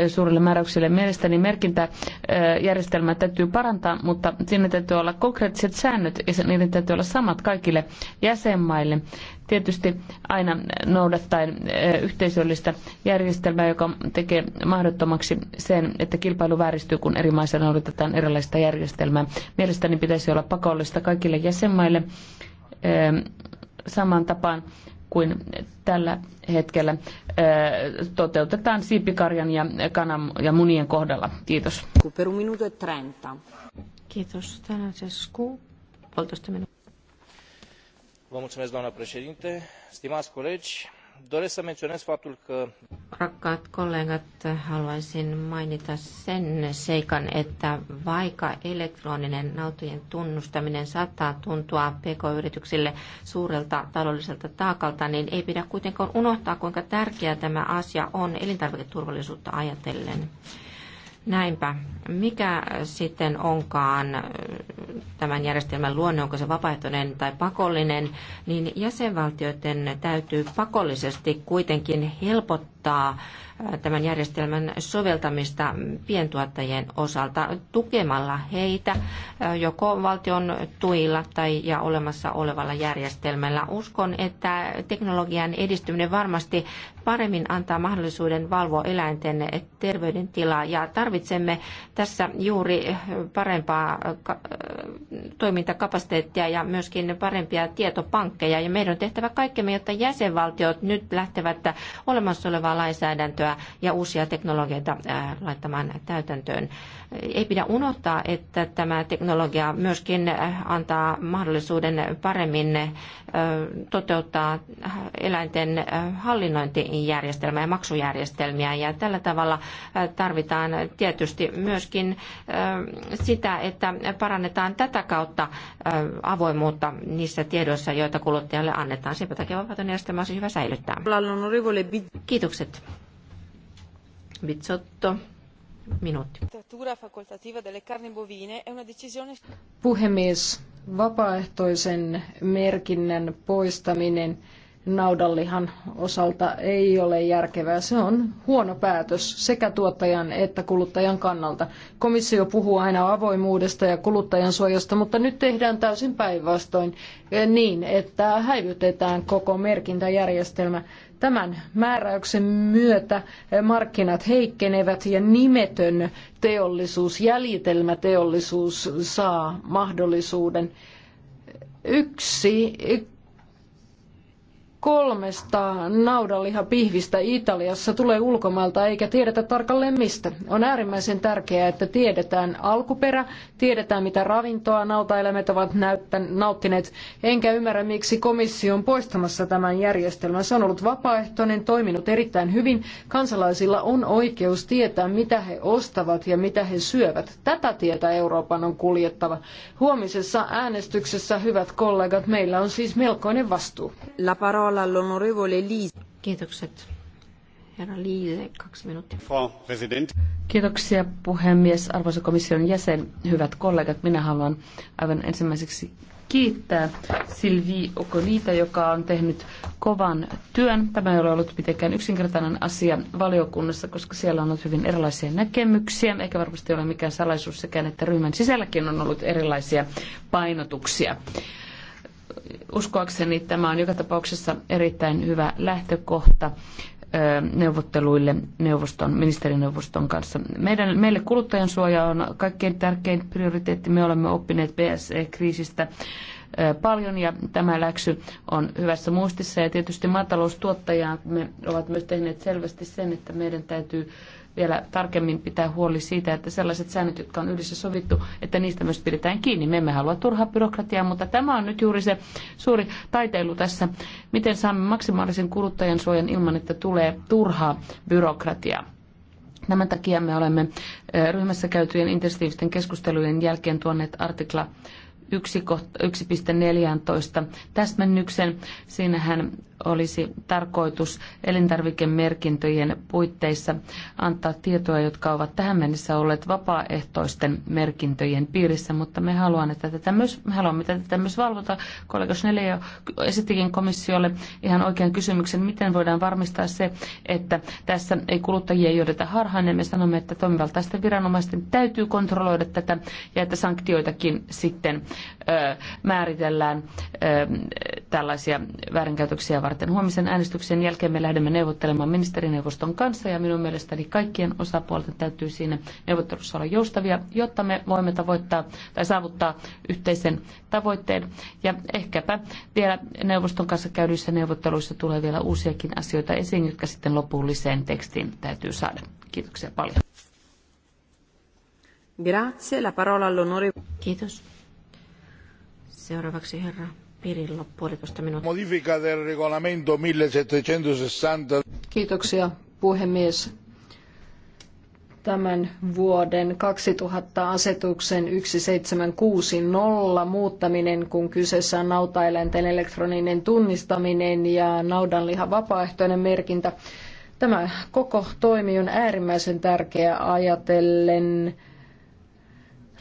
Speaker 1: suurille määräyksille. Mielestäni merkintäjärjestelmää täytyy parantaa, mutta siinä täytyy olla konkreettiset säännöt ja niiden täytyy olla samat kaikille jäsenmaille. Tietysti aina noudattaen yhteisöllistä järjestelmää, joka tekee mahdottomaksi sen, että kilpailu vääristyy, kun eri maissa noudatetaan erilaista järjestelmää. Mielestäni pitäisi olla pakollista kaikille jäsenmaille saman tapaan kuin tällä hetkellä toteutetaan siipikarjan ja kanan ja munien kohdalla. Kiitos.
Speaker 4: Per un minuto e Kiitos. Tänään se
Speaker 3: Puolitoista minuuttia. Vă mulțumesc, doamna președinte. Stimați colegi, doresc să menționez faptul că... Rakkaat kollegat, haluaisin mainita sen seikan, että vaikka elektroninen nautojen tunnustaminen saattaa tuntua pk-yrityksille suurelta taloudelliselta taakalta, niin ei pidä kuitenkaan unohtaa, kuinka tärkeä tämä asia on elintarviketurvallisuutta ajatellen. Näinpä. Mikä sitten onkaan äh, tämän järjestelmän luonne, onko se vapaaehtoinen tai pakollinen, niin jäsenvaltioiden täytyy pakollisesti kuitenkin helpottaa helpottaa äh, tämän järjestelmän soveltamista pientuottajien osalta tukemalla heitä äh, joko valtion tuilla tai ja olemassa olevalla järjestelmällä. Uskon, että teknologian edistyminen varmasti paremmin antaa mahdollisuuden valvoa eläinten terveydentilaa ja tarvitsemme tässä juuri parempaa äh, toimintakapasiteettia ja myöskin parempia tietopankkeja ja meidän on tehtävä kaikkemme, jotta jäsenvaltiot nyt lähtevät olemassa olevaa lainsäädäntöä ja uusia teknologioita laittamaan täytäntöön. Ei pidä unohtaa, että tämä teknologia myöskin antaa mahdollisuuden paremmin toteuttaa eläinten hallinnointijärjestelmää ja maksujärjestelmiä. Ja tällä tavalla tarvitaan tietysti myöskin sitä, että parannetaan tätä kautta avoimuutta niissä tiedoissa, joita kuluttajalle annetaan. Sen takia vapautun järjestelmä olisi hyvä säilyttää. Kiitokset. Bizzotto. Minuutti. Puhemies,
Speaker 4: vapaaehtoisen merkinnän poistaminen naudanlihan osalta ei ole järkevää. Se on huono päätös sekä tuottajan että kuluttajan kannalta. Komissio puhuu aina avoimuudesta ja kuluttajan suojasta, mutta nyt tehdään täysin päinvastoin eh, niin, että häivytetään koko merkintäjärjestelmä. Tämän määräyksen myötä markkinat heikkenevät ja nimetön teollisuus, jäljitelmäteollisuus saa mahdollisuuden. Yksi kolmesta naudanlihapihvistä Italiassa tulee ulkomailta eikä tiedetä tarkalleen mistä. On äärimmäisen tärkeää, että tiedetään alkuperä, tiedetään mitä ravintoa nautaeläimet ovat nauttineet, enkä ymmärrä miksi komissio on poistamassa tämän järjestelmän. Se on ollut vapaaehtoinen, toiminut erittäin hyvin. Kansalaisilla on oikeus tietää, mitä he ostavat ja mitä he syövät. Tätä tietä Euroopan on kuljettava. Huomisessa äänestyksessä, hyvät kollegat, meillä on siis melkoinen vastuu. La parola Kiitokset. Herra Liise, kaksi minuuttia.
Speaker 1: Frau President. Kiitoksia puhemies, arvoisa komission jäsen, hyvät kollegat. Minä haluan aivan ensimmäiseksi kiittää Silvi Okonita, joka on tehnyt kovan työn. Tämä ei ole ollut mitenkään yksinkertainen asia valiokunnassa, koska siellä on ollut hyvin erilaisia näkemyksiä, eikä varmasti ole mikään salaisuus sekään, että ryhmän sisälläkin on ollut erilaisia painotuksia uskoakseni tämä on joka tapauksessa erittäin hyvä lähtökohta neuvotteluille neuvoston, ministerineuvoston kanssa. Meidän, meille kuluttajansuoja on kaikkein tärkein prioriteetti. Me olemme oppineet BSE-kriisistä paljon ja tämä läksy on hyvässä muistissa ja tietysti maataloustuottajat me ovat myös tehneet selvästi sen, että meidän täytyy vielä tarkemmin pitää huoli siitä, että sellaiset säännöt, jotka on yhdessä sovittu, että niistä myös pidetään kiinni. Me emme halua turhaa byrokratiaa, mutta tämä on nyt juuri se suuri taiteilu tässä. Miten saamme maksimaalisen kuluttajan suojan ilman, että tulee turhaa byrokratiaa? Tämän takia me olemme ryhmässä käytyjen intensiivisten keskustelujen jälkeen tuonneet artikla 1.14 täsmennyksen. Siinähän olisi tarkoitus elintarvikemerkintöjen puitteissa antaa tietoa, jotka ovat tähän mennessä olleet vapaaehtoisten merkintöjen piirissä, mutta me haluamme, että tätä myös, me haluamme tätä myös valvota. Kollega Schnelle esittikin komissiolle ihan oikean kysymyksen, miten voidaan varmistaa se, että tässä ei kuluttajia johdeta harhaan, ja me sanomme, että toimivaltaisten viranomaisten täytyy kontrolloida tätä ja että sanktioitakin sitten määritellään tällaisia väärinkäytöksiä varten. Huomisen äänestyksen jälkeen me lähdemme neuvottelemaan ministerineuvoston kanssa ja minun mielestäni kaikkien osapuolten täytyy siinä neuvottelussa olla joustavia, jotta me voimme tavoittaa tai saavuttaa yhteisen tavoitteen. Ja ehkäpä vielä neuvoston kanssa käydyissä neuvotteluissa tulee vielä uusiakin asioita esiin, jotka sitten lopulliseen tekstiin täytyy saada. Kiitoksia paljon.
Speaker 2: Grazie, la parola all'onore. Kiitos.
Speaker 3: Seuraavaksi herra Pirillo, puolitoista minuuttia.
Speaker 4: Modifica del regolamento 1760. Kiitoksia puhemies. Tämän vuoden 2000 asetuksen 1760 muuttaminen, kun kyseessä on nautaeläinten elektroninen tunnistaminen ja naudanlihan vapaaehtoinen merkintä. Tämä koko toimi on äärimmäisen tärkeä ajatellen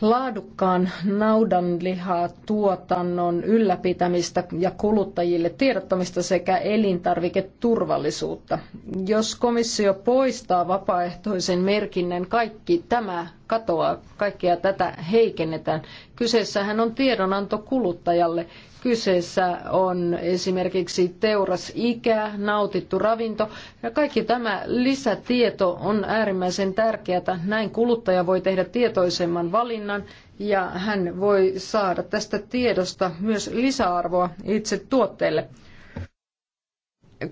Speaker 4: laadukkaan naudanlihatuotannon ylläpitämistä ja kuluttajille tiedottamista sekä elintarviketurvallisuutta. Jos komissio poistaa vapaaehtoisen merkinnän, kaikki tämä katoaa, kaikkea tätä heikennetään. Kyseessähän on tiedonanto kuluttajalle. Kyseessä on esimerkiksi teuras ikä, nautittu ravinto ja kaikki tämä lisätieto on äärimmäisen tärkeää. Näin kuluttaja voi tehdä tietoisemman valinnan ja hän voi saada tästä tiedosta myös lisäarvoa itse tuotteelle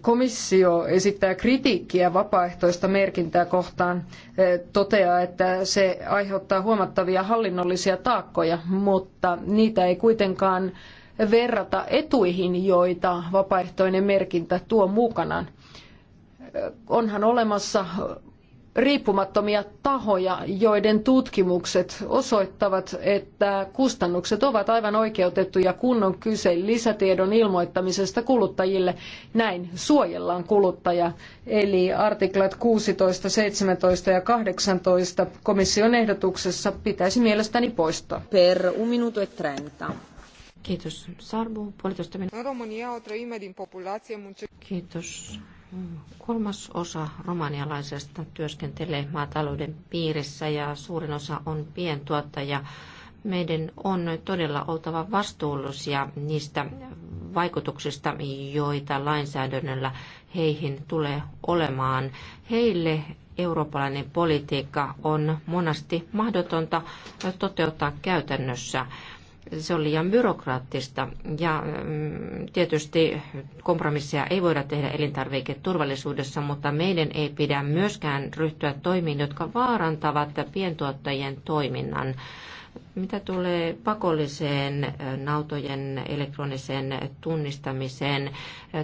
Speaker 4: komissio esittää kritiikkiä vapaaehtoista merkintää kohtaan, eh, toteaa, että se aiheuttaa huomattavia hallinnollisia taakkoja, mutta niitä ei kuitenkaan verrata etuihin, joita vapaaehtoinen merkintä tuo mukanaan. Eh, onhan olemassa riippumattomia tahoja, joiden tutkimukset osoittavat, että kustannukset ovat aivan oikeutettuja, kun on kyse lisätiedon ilmoittamisesta kuluttajille. Näin suojellaan kuluttaja. Eli artiklat 16, 17 ja 18 komission ehdotuksessa pitäisi mielestäni poistaa. Per un minuto e trenta.
Speaker 3: Kiitos. Sarbu, puolitoista minuuttia. Kiitos. Kolmas osa romanialaisesta työskentelee maatalouden piirissä ja suurin osa on pientuottaja. Meidän on todella oltava vastuullisia niistä vaikutuksista, joita lainsäädännöllä heihin tulee olemaan. Heille eurooppalainen politiikka on monasti mahdotonta toteuttaa käytännössä se on liian byrokraattista ja mm, tietysti kompromisseja ei voida tehdä elintarviketurvallisuudessa, mutta meidän ei pidä myöskään ryhtyä toimiin, jotka vaarantavat pientuottajien toiminnan. Mitä tulee pakolliseen nautojen elektroniseen tunnistamiseen,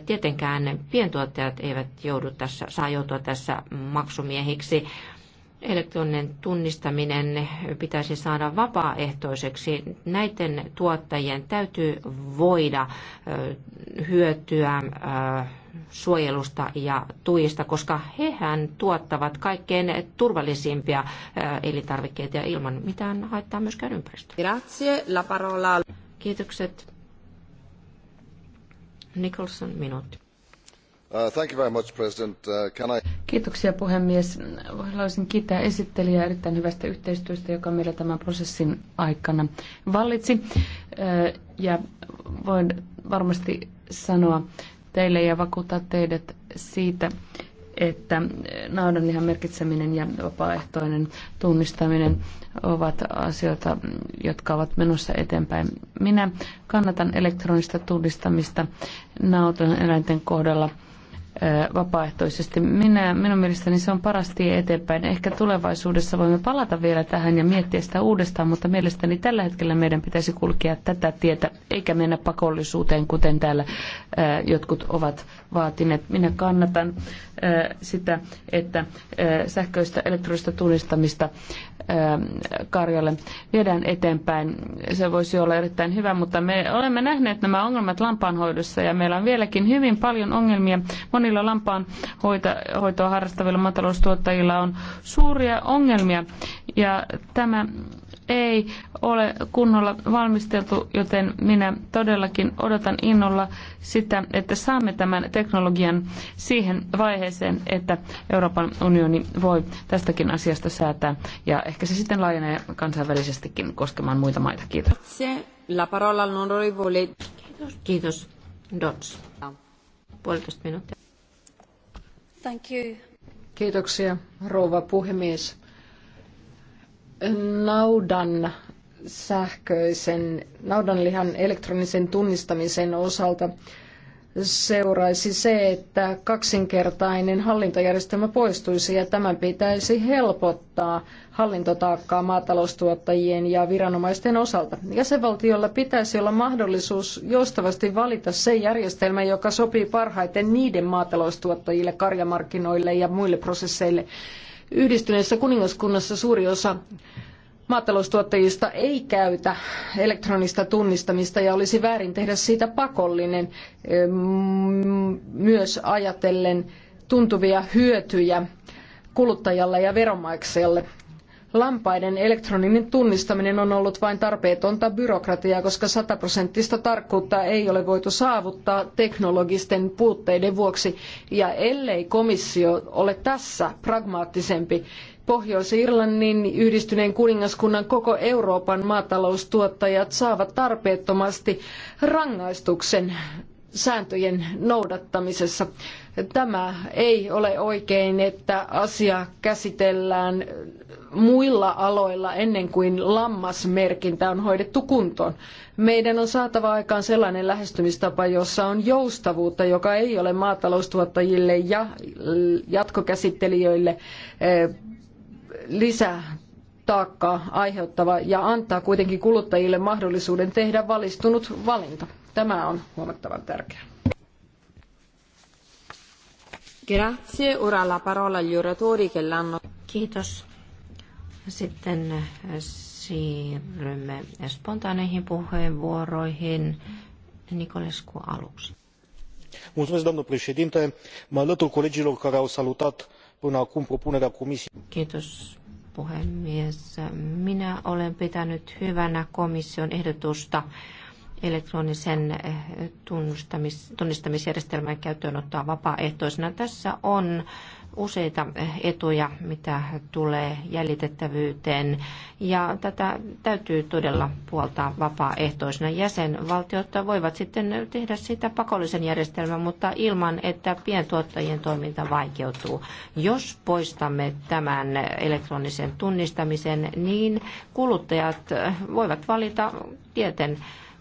Speaker 3: tietenkään pientuottajat eivät joudu tässä, saa joutua tässä maksumiehiksi elektroninen tunnistaminen pitäisi saada vapaaehtoiseksi. Näiden tuottajien täytyy voida hyötyä suojelusta ja tuista, koska hehän tuottavat kaikkein turvallisimpia elintarvikkeita ja ilman mitään haittaa myöskään ympäristöä. Grazie, la parola. Kiitokset. Nicholson, minuutti.
Speaker 2: Uh,
Speaker 3: uh, Kiitoksia puhemies.
Speaker 1: Haluaisin kiittää esittelijää erittäin hyvästä yhteistyöstä, joka meillä tämän prosessin aikana vallitsi. Uh, ja voin varmasti sanoa teille ja vakuuttaa teidät siitä, että naudanlihan merkitseminen ja vapaaehtoinen tunnistaminen ovat asioita, jotka ovat menossa eteenpäin. Minä kannatan elektronista tunnistamista naudan eläinten kohdalla – vapaaehtoisesti. Minä, minun mielestäni se on paras tie eteenpäin. Ehkä tulevaisuudessa voimme palata vielä tähän ja miettiä sitä uudestaan, mutta mielestäni tällä hetkellä meidän pitäisi kulkea tätä tietä, eikä mennä pakollisuuteen, kuten täällä jotkut ovat vaatineet. Minä kannatan sitä, että sähköistä elektronista tunnistamista Karjalle viedään eteenpäin. Se voisi olla erittäin hyvä, mutta me olemme nähneet nämä ongelmat lampaanhoidossa ja meillä on vieläkin hyvin paljon ongelmia. Moni monilla lampaan hoitoa harrastavilla maataloustuottajilla on suuria ongelmia ja tämä ei ole kunnolla valmisteltu, joten minä todellakin odotan innolla sitä, että saamme tämän teknologian siihen vaiheeseen, että Euroopan unioni voi tästäkin asiasta säätää ja ehkä se sitten laajenee kansainvälisestikin koskemaan muita maita. Kiitos.
Speaker 3: la parola Kiitos. Kiitos. Dots. Puolitoista minuuttia. Thank you.
Speaker 4: Kiitoksia, rouva puhemies. Naudan sähköisen naudanlihan elektronisen tunnistamisen osalta seuraisi se, että kaksinkertainen hallintojärjestelmä poistuisi ja tämän pitäisi helpottaa hallintotaakkaa maataloustuottajien ja viranomaisten osalta. Jäsenvaltiolla pitäisi olla mahdollisuus joustavasti valita se järjestelmä, joka sopii parhaiten niiden maataloustuottajille, karjamarkkinoille ja muille prosesseille. Yhdistyneessä kuningaskunnassa suuri osa maataloustuottajista ei käytä elektronista tunnistamista ja olisi väärin tehdä siitä pakollinen myös ajatellen tuntuvia hyötyjä kuluttajalle ja veronmaksajalle. Lampaiden elektroninen tunnistaminen on ollut vain tarpeetonta byrokratiaa, koska sataprosenttista tarkkuutta ei ole voitu saavuttaa teknologisten puutteiden vuoksi. Ja ellei komissio ole tässä pragmaattisempi, Pohjois-Irlannin, yhdistyneen kuningaskunnan, koko Euroopan maataloustuottajat saavat tarpeettomasti rangaistuksen sääntöjen noudattamisessa. Tämä ei ole oikein, että asia käsitellään muilla aloilla ennen kuin lammasmerkintä on hoidettu kuntoon. Meidän on saatava aikaan sellainen lähestymistapa, jossa on joustavuutta, joka ei ole maataloustuottajille ja jatkokäsittelijöille eh, lisää taakkaa aiheuttava ja antaa kuitenkin kuluttajille mahdollisuuden tehdä valistunut valinta. Tämä on huomattavan tärkeää.
Speaker 3: Grazie. Ora la parola agli oratori che l'hanno... Kiitos. Sitten eh, siirrymme spontaaneihin puheenvuoroihin. Nicolescu aluksi.
Speaker 1: Mulțumesc, doamnă președinte. Mă alătur colegilor care au salutat până acum propunerea comisiei.
Speaker 3: Kiitos puhemies. Minä olen pitänyt hyvänä komission ehdotusta elektronisen eh, tunnistamis, tunnistamisjärjestelmän käyttöönottoa vapaaehtoisena. Tässä on useita eh, etuja, mitä tulee jäljitettävyyteen ja tätä täytyy todella puoltaa vapaaehtoisena. Jäsenvaltiot voivat sitten tehdä sitä pakollisen järjestelmän, mutta ilman, että pientuottajien toiminta vaikeutuu. Jos poistamme tämän elektronisen tunnistamisen, niin kuluttajat äh, voivat valita tieten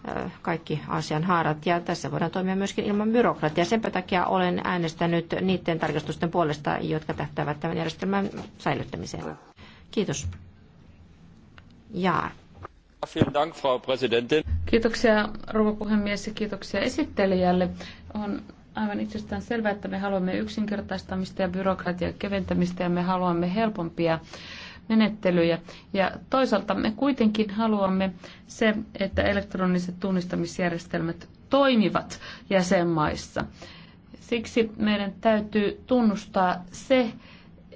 Speaker 3: äh, kaikki asian haarat ja tässä voidaan toimia myöskin ilman byrokratiaa. Sen takia olen äänestänyt niiden tarkastusten puolesta, jotka tähtävät tämän järjestelmän säilyttämiseen. Kiitos. Jaar. Kiitoksia
Speaker 1: rouva puhemies ja kiitoksia esittelijälle. On aivan itsestään selvää, että me haluamme yksinkertaistamista ja byrokratian keventämistä ja me haluamme helpompia menettelyjä. Ja toisaalta me kuitenkin haluamme se, että elektroniset tunnistamisjärjestelmät toimivat jäsenmaissa. Siksi meidän täytyy tunnustaa se,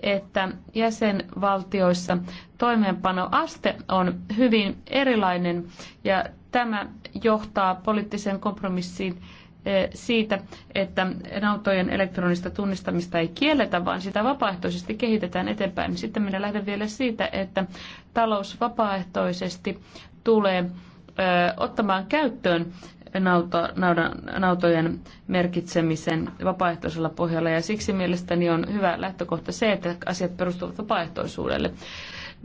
Speaker 1: että jäsenvaltioissa toimeenpanoaste on hyvin erilainen ja tämä johtaa poliittiseen kompromissiin eh, siitä, että nautojen elektronista tunnistamista ei kielletä, vaan sitä vapaaehtoisesti kehitetään eteenpäin. Sitten minä lähden vielä siitä, että talous vapaaehtoisesti tulee eh, ottamaan käyttöön nautojen merkitsemisen vapaaehtoisella pohjalla ja siksi mielestäni on hyvä lähtökohta se, että asiat perustuvat vapaaehtoisuudelle.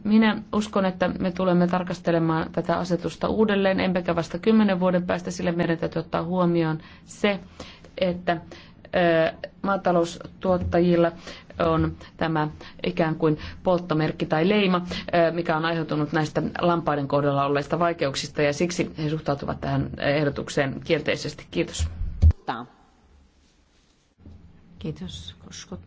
Speaker 1: Minä uskon, että me tulemme tarkastelemaan tätä asetusta uudelleen, emmekä vasta kymmenen vuoden päästä, sillä meidän täytyy ottaa huomioon se, että maataloustuottajilla on tämä ikään kuin polttomerkki tai leima, mikä on aiheutunut näistä lampaiden kohdalla olleista vaikeuksista, ja siksi he suhtautuvat tähän ehdotukseen kielteisesti. Kiitos.
Speaker 4: Kiitos, Koskot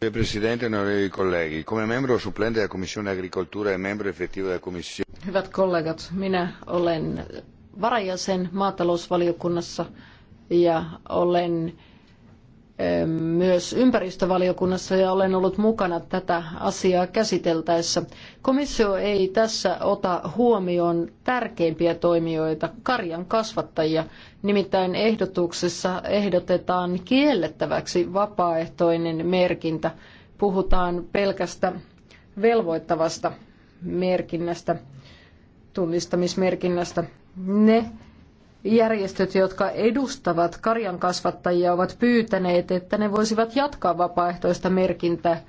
Speaker 1: signor Presidente, onorevoli colleghi, come membro supplente della Commissione Agricoltura e membro effettivo della Commissione.
Speaker 4: Hyvät kollegat, minä olen varajäsen maatalousvaliokunnassa ja olen myös ympäristövaliokunnassa ja olen ollut mukana tätä asiaa käsiteltäessä. Komissio ei tässä ota huomioon tärkeimpiä toimijoita, karjan kasvattajia. Nimittäin ehdotuksessa ehdotetaan kiellettäväksi vapaaehtoinen merkintä. Puhutaan pelkästä velvoittavasta merkinnästä, tunnistamismerkinnästä. Ne järjestöt, jotka edustavat karjan kasvattajia, ovat pyytäneet, että ne voisivat jatkaa vapaaehtoista merkintää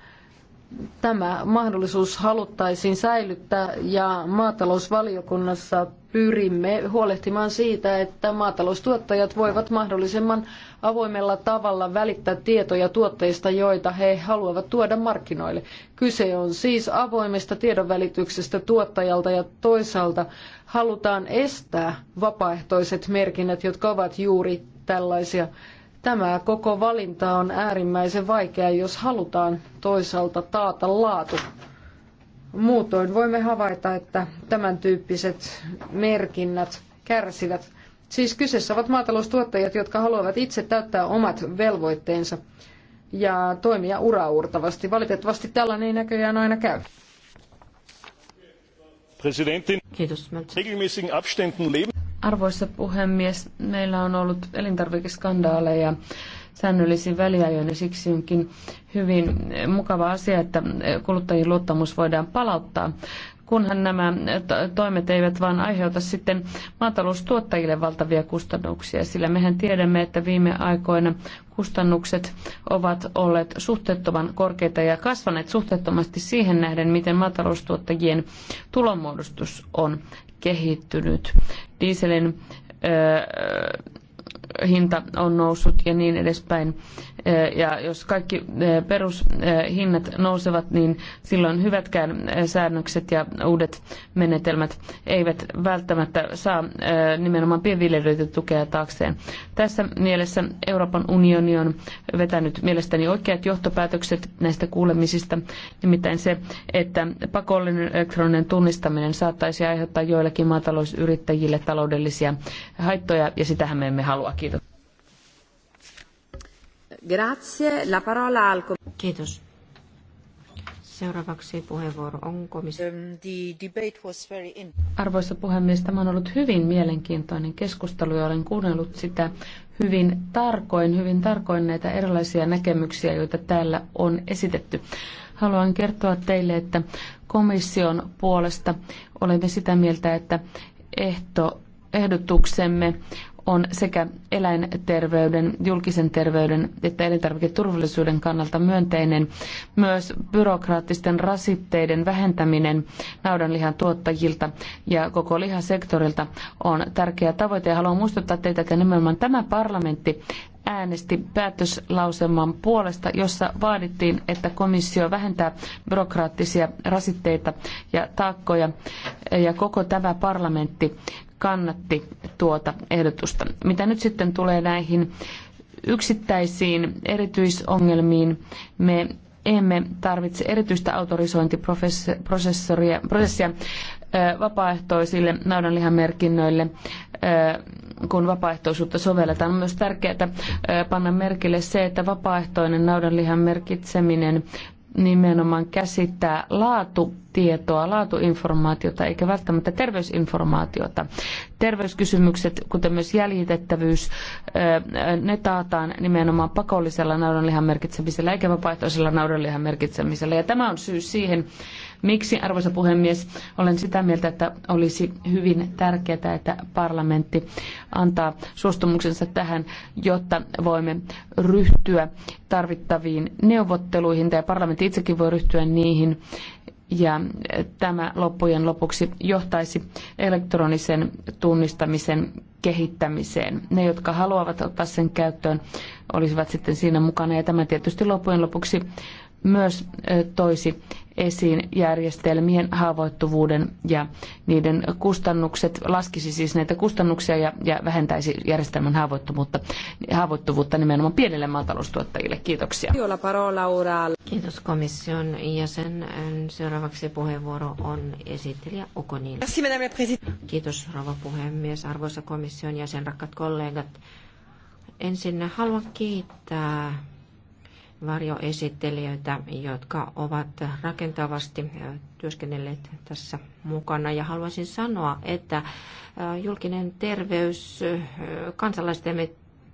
Speaker 4: tämä mahdollisuus haluttaisiin säilyttää ja maatalousvaliokunnassa pyrimme huolehtimaan siitä, että maataloustuottajat voivat mahdollisimman avoimella tavalla välittää tietoja tuotteista, joita he haluavat tuoda markkinoille. Kyse on siis avoimesta tiedonvälityksestä tuottajalta ja toisaalta halutaan estää vapaaehtoiset merkinnät, jotka ovat juuri tällaisia Tämä koko valinta on äärimmäisen vaikea, jos halutaan toisaalta taata laatu. Muutoin voimme havaita, että tämän tyyppiset merkinnät kärsivät. Siis kyseessä ovat maataloustuottajat, jotka haluavat itse täyttää omat velvoitteensa ja toimia uraurtavasti. Valitettavasti tällainen ei näköjään aina käy.
Speaker 3: Kiitos. Abständen leben
Speaker 1: Arvoisa puhemies, meillä on ollut elintarvikeskandaaleja säännöllisin väliajoin ja siksi onkin hyvin mukava asia, että kuluttajien luottamus voidaan palauttaa kunhan nämä toimet eivät vain aiheuta sitten maataloustuottajille valtavia kustannuksia, sillä mehän tiedämme, että viime aikoina kustannukset ovat olleet suhteettoman korkeita ja kasvaneet suhteettomasti siihen nähden, miten maataloustuottajien tulonmuodostus on kehittynyt. Dieselin öö, hinta on noussut ja niin edespäin. Eh, ja jos kaikki eh, perushinnat nousevat, niin silloin hyvätkään eh, säännökset ja uudet menetelmät eivät välttämättä saa nimenomaan pienviljelijöitä tukea taakseen. Tässä mielessä Euroopan unioni on vetänyt mielestäni oikeat johtopäätökset näistä kuulemisista, nimittäin se, että pakollinen elektroninen tunnistaminen saattaisi aiheuttaa joillekin maatalousyrittäjille taloudellisia haittoja, ja sitähän me emme halua. Kiitos.
Speaker 3: Grazie. La parola al... Kiitos. Seuraavaksi puheenvuoro on komissio. Um,
Speaker 1: Arvoisa puhemies, tämä on ollut hyvin mielenkiintoinen keskustelu ja olen kuunnellut sitä hyvin tarkoin, hyvin tarkoin näitä erilaisia näkemyksiä, joita täällä on esitetty. Haluan kertoa teille, että komission puolesta olemme sitä mieltä, että ehto, ehdotuksemme on sekä eläinterveyden, julkisen terveyden että elintarviketurvallisuuden kannalta myönteinen. Myös byrokraattisten rasitteiden vähentäminen naudanlihan tuottajilta ja koko lihasektorilta on tärkeä tavoite. Ja haluan muistuttaa teitä, että nimenomaan tämä parlamentti äänesti päätöslauselman puolesta, jossa vaadittiin, että komissio vähentää byrokraattisia rasitteita ja taakkoja ja koko tämä parlamentti kannatti tuota ehdotusta. Mitä nyt sitten tulee näihin yksittäisiin erityisongelmiin, me emme tarvitse erityistä autorisointiprosessia vapaaehtoisille naudanlihamerkinnöille kun vapaaehtoisuutta sovelletaan. On myös tärkeää äh, panna merkille se, että vapaaehtoinen naudanlihan merkitseminen nimenomaan käsittää laatutietoa, laatuinformaatiota eikä välttämättä terveysinformaatiota. Terveyskysymykset, kuten myös jäljitettävyys, äh, ne taataan nimenomaan pakollisella naudanlihan merkitsemisellä eikä vapaaehtoisella naudanlihan merkitsemisellä. Ja tämä on syy siihen, Miksi, arvoisa puhemies, olen sitä mieltä, että olisi hyvin tärkeää, että parlamentti antaa suostumuksensa tähän, jotta voimme ryhtyä tarvittaviin neuvotteluihin, tai parlamentti itsekin voi ryhtyä niihin, ja tämä loppujen lopuksi johtaisi elektronisen tunnistamisen kehittämiseen. Ne, jotka haluavat ottaa sen käyttöön, olisivat sitten siinä mukana ja tämä tietysti loppujen lopuksi myös toisi esiin järjestelmien haavoittuvuuden ja niiden kustannukset, laskisi siis näitä kustannuksia ja, ja vähentäisi järjestelmän haavoittuvuutta, haavoittuvuutta nimenomaan pienille
Speaker 3: maataloustuottajille. Kiitoksia. Kiitos komission jäsen. Seuraavaksi puheenvuoro on esittelijä Okonilla. Kiitos rouva puhemies, arvoisa komission jäsen, rakkaat kollegat. Ensin haluan kiittää varjoesittelijöitä, jotka ovat rakentavasti työskennelleet tässä mukana. Ja haluaisin sanoa, että julkinen terveys, kansalaistemme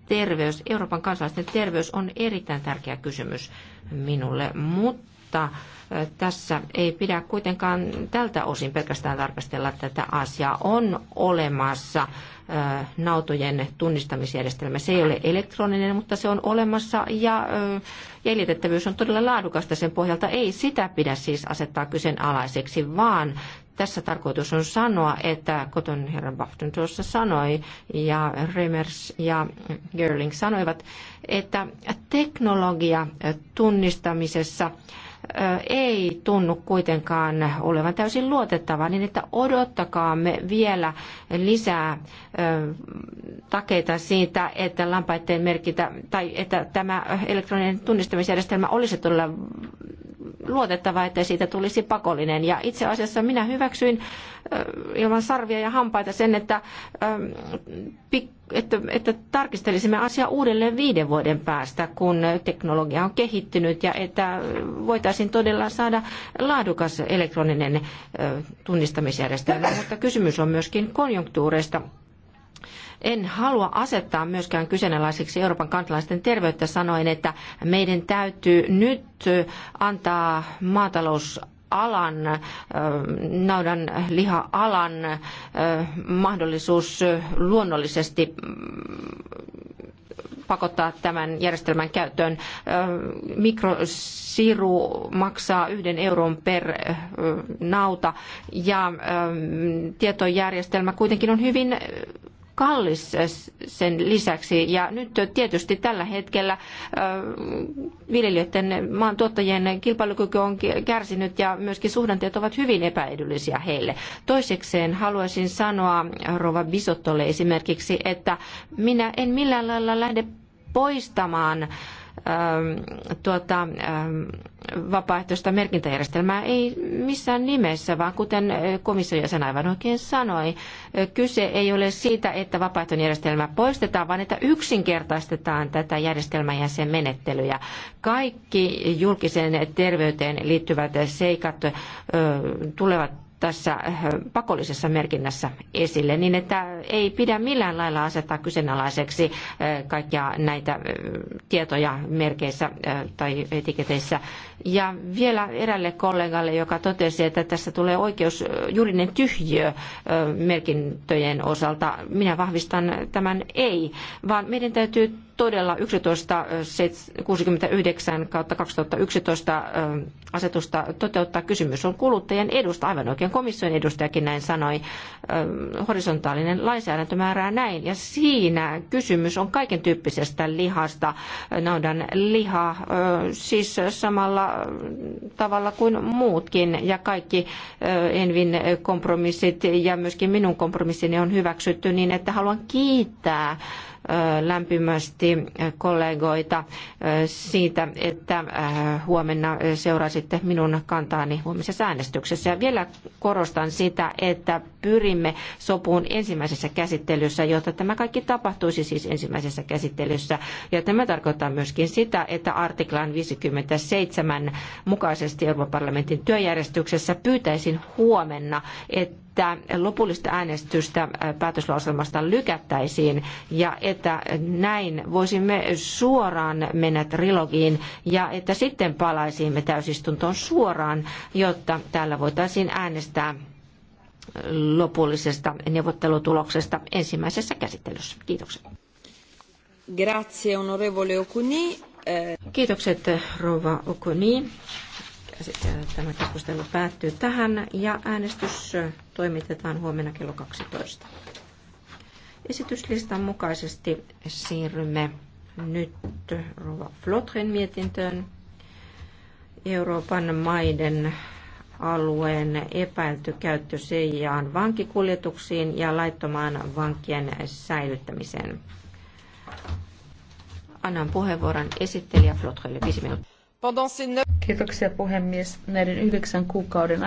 Speaker 3: terveys, Euroopan kansalaisten terveys on erittäin tärkeä kysymys minulle, mutta tässä ei pidä kuitenkaan tältä osin pelkästään tarkastella tätä asiaa. On olemassa nautojen tunnistamisjärjestelmä. Se ei ole elektroninen, mutta se on olemassa ja jäljitettävyys on todella laadukasta sen pohjalta. Ei sitä pidä siis asettaa kyseenalaiseksi, vaan tässä tarkoitus on sanoa, että koton herra Bafton tuossa sanoi ja Remers ja Gerling sanoivat, että teknologia tunnistamisessa – ei tunnu kuitenkaan olevan täysin luotettava, niin että odottakaamme vielä lisää takeita siitä, että lampaiden merkintä tai että tämä elektroninen tunnistamisjärjestelmä olisi todella luotettava, että siitä tulisi pakollinen. Ja itse asiassa minä hyväksyin ilman sarvia ja hampaita sen, että, että, että tarkistelisimme asiaa uudelleen viiden vuoden päästä, kun teknologia on kehittynyt ja että voitaisiin todella saada laadukas elektroninen tunnistamisjärjestelmä. Mutta kysymys on myöskin konjunktuureista en halua asettaa myöskään kyseenalaiseksi Euroopan kansalaisten terveyttä sanoen, että meidän täytyy nyt antaa maatalous alan, naudan liha-alan mahdollisuus luonnollisesti mm, pakottaa tämän järjestelmän käyttöön. Mikrosiru maksaa yhden euron per nauta ja tietojärjestelmä kuitenkin on hyvin kallis sen lisäksi. Ja nyt tietysti tällä hetkellä viljelijöiden, maan tuottajien kilpailukyky on kärsinyt ja myöskin suhdanteet ovat hyvin epäedullisia heille. Toisekseen haluaisin sanoa Rova Bisottolle esimerkiksi, että minä en millään lailla lähde poistamaan Ähm, tuota, ähm, vapaaehtoista merkintäjärjestelmää ei missään nimessä, vaan kuten äh, komissio jäsen aivan oikein sanoi, äh, kyse ei ole siitä, että vapaaehtoinen järjestelmä poistetaan, vaan että yksinkertaistetaan tätä järjestelmää ja sen menettelyjä. Kaikki julkiseen terveyteen liittyvät seikat tulevat tässä eh, pakollisessa merkinnässä esille, niin että ei pidä millään lailla asettaa kyseenalaiseksi eh, kaikkia näitä eh, tietoja merkeissä tai etiketeissä, ja vielä erälle kollegalle, joka totesi, että tässä tulee oikeus juridinen tyhjiö merkintöjen osalta. Minä vahvistan tämän ei, vaan meidän täytyy todella 1169 kautta 2011 asetusta toteuttaa. Kysymys on kuluttajien edusta, aivan oikein komission edustajakin näin sanoi. Horisontaalinen lainsäädäntö määrää näin ja siinä kysymys on kaiken tyyppisestä lihasta, naudan liha, siis samalla tavalla kuin muutkin ja kaikki Envin kompromissit ja myöskin minun kompromissini on hyväksytty niin, että haluan kiittää lämpimästi kollegoita siitä, että huomenna seurasitte minun kantaani huomisessa äänestyksessä. Ja vielä korostan sitä, että pyrimme sopuun ensimmäisessä käsittelyssä, jotta tämä kaikki tapahtuisi siis ensimmäisessä käsittelyssä. Ja tämä tarkoittaa myöskin sitä, että artiklan 57 mukaisesti Euroopan parlamentin työjärjestyksessä pyytäisin huomenna, että että lopullista äänestystä äh, päätöslauselmasta lykättäisiin ja että näin voisimme suoraan mennä trilogiin ja että sitten palaisimme täysistuntoon suoraan, jotta täällä voitaisiin äänestää lopullisesta neuvottelutuloksesta ensimmäisessä käsittelyssä. kiitoksia.
Speaker 2: Grazie, onorevole Okuni. Eh,
Speaker 3: Kiitokset, rouva Okuni. Tämä keskustelu päättyy tähän ja äänestys toimitetaan huomenna kello 12. Esityslistan mukaisesti siirrymme nyt rouva Flotren mietintöön Euroopan maiden alueen epäilty käyttö Seijaan vankikuljetuksiin ja laittomaan vankien säilyttämiseen. Annan puheenvuoron esittelijä Flotrelle 5 minuuttia.
Speaker 4: Kiitoksia puhemies. Näiden yhdeksän kuukauden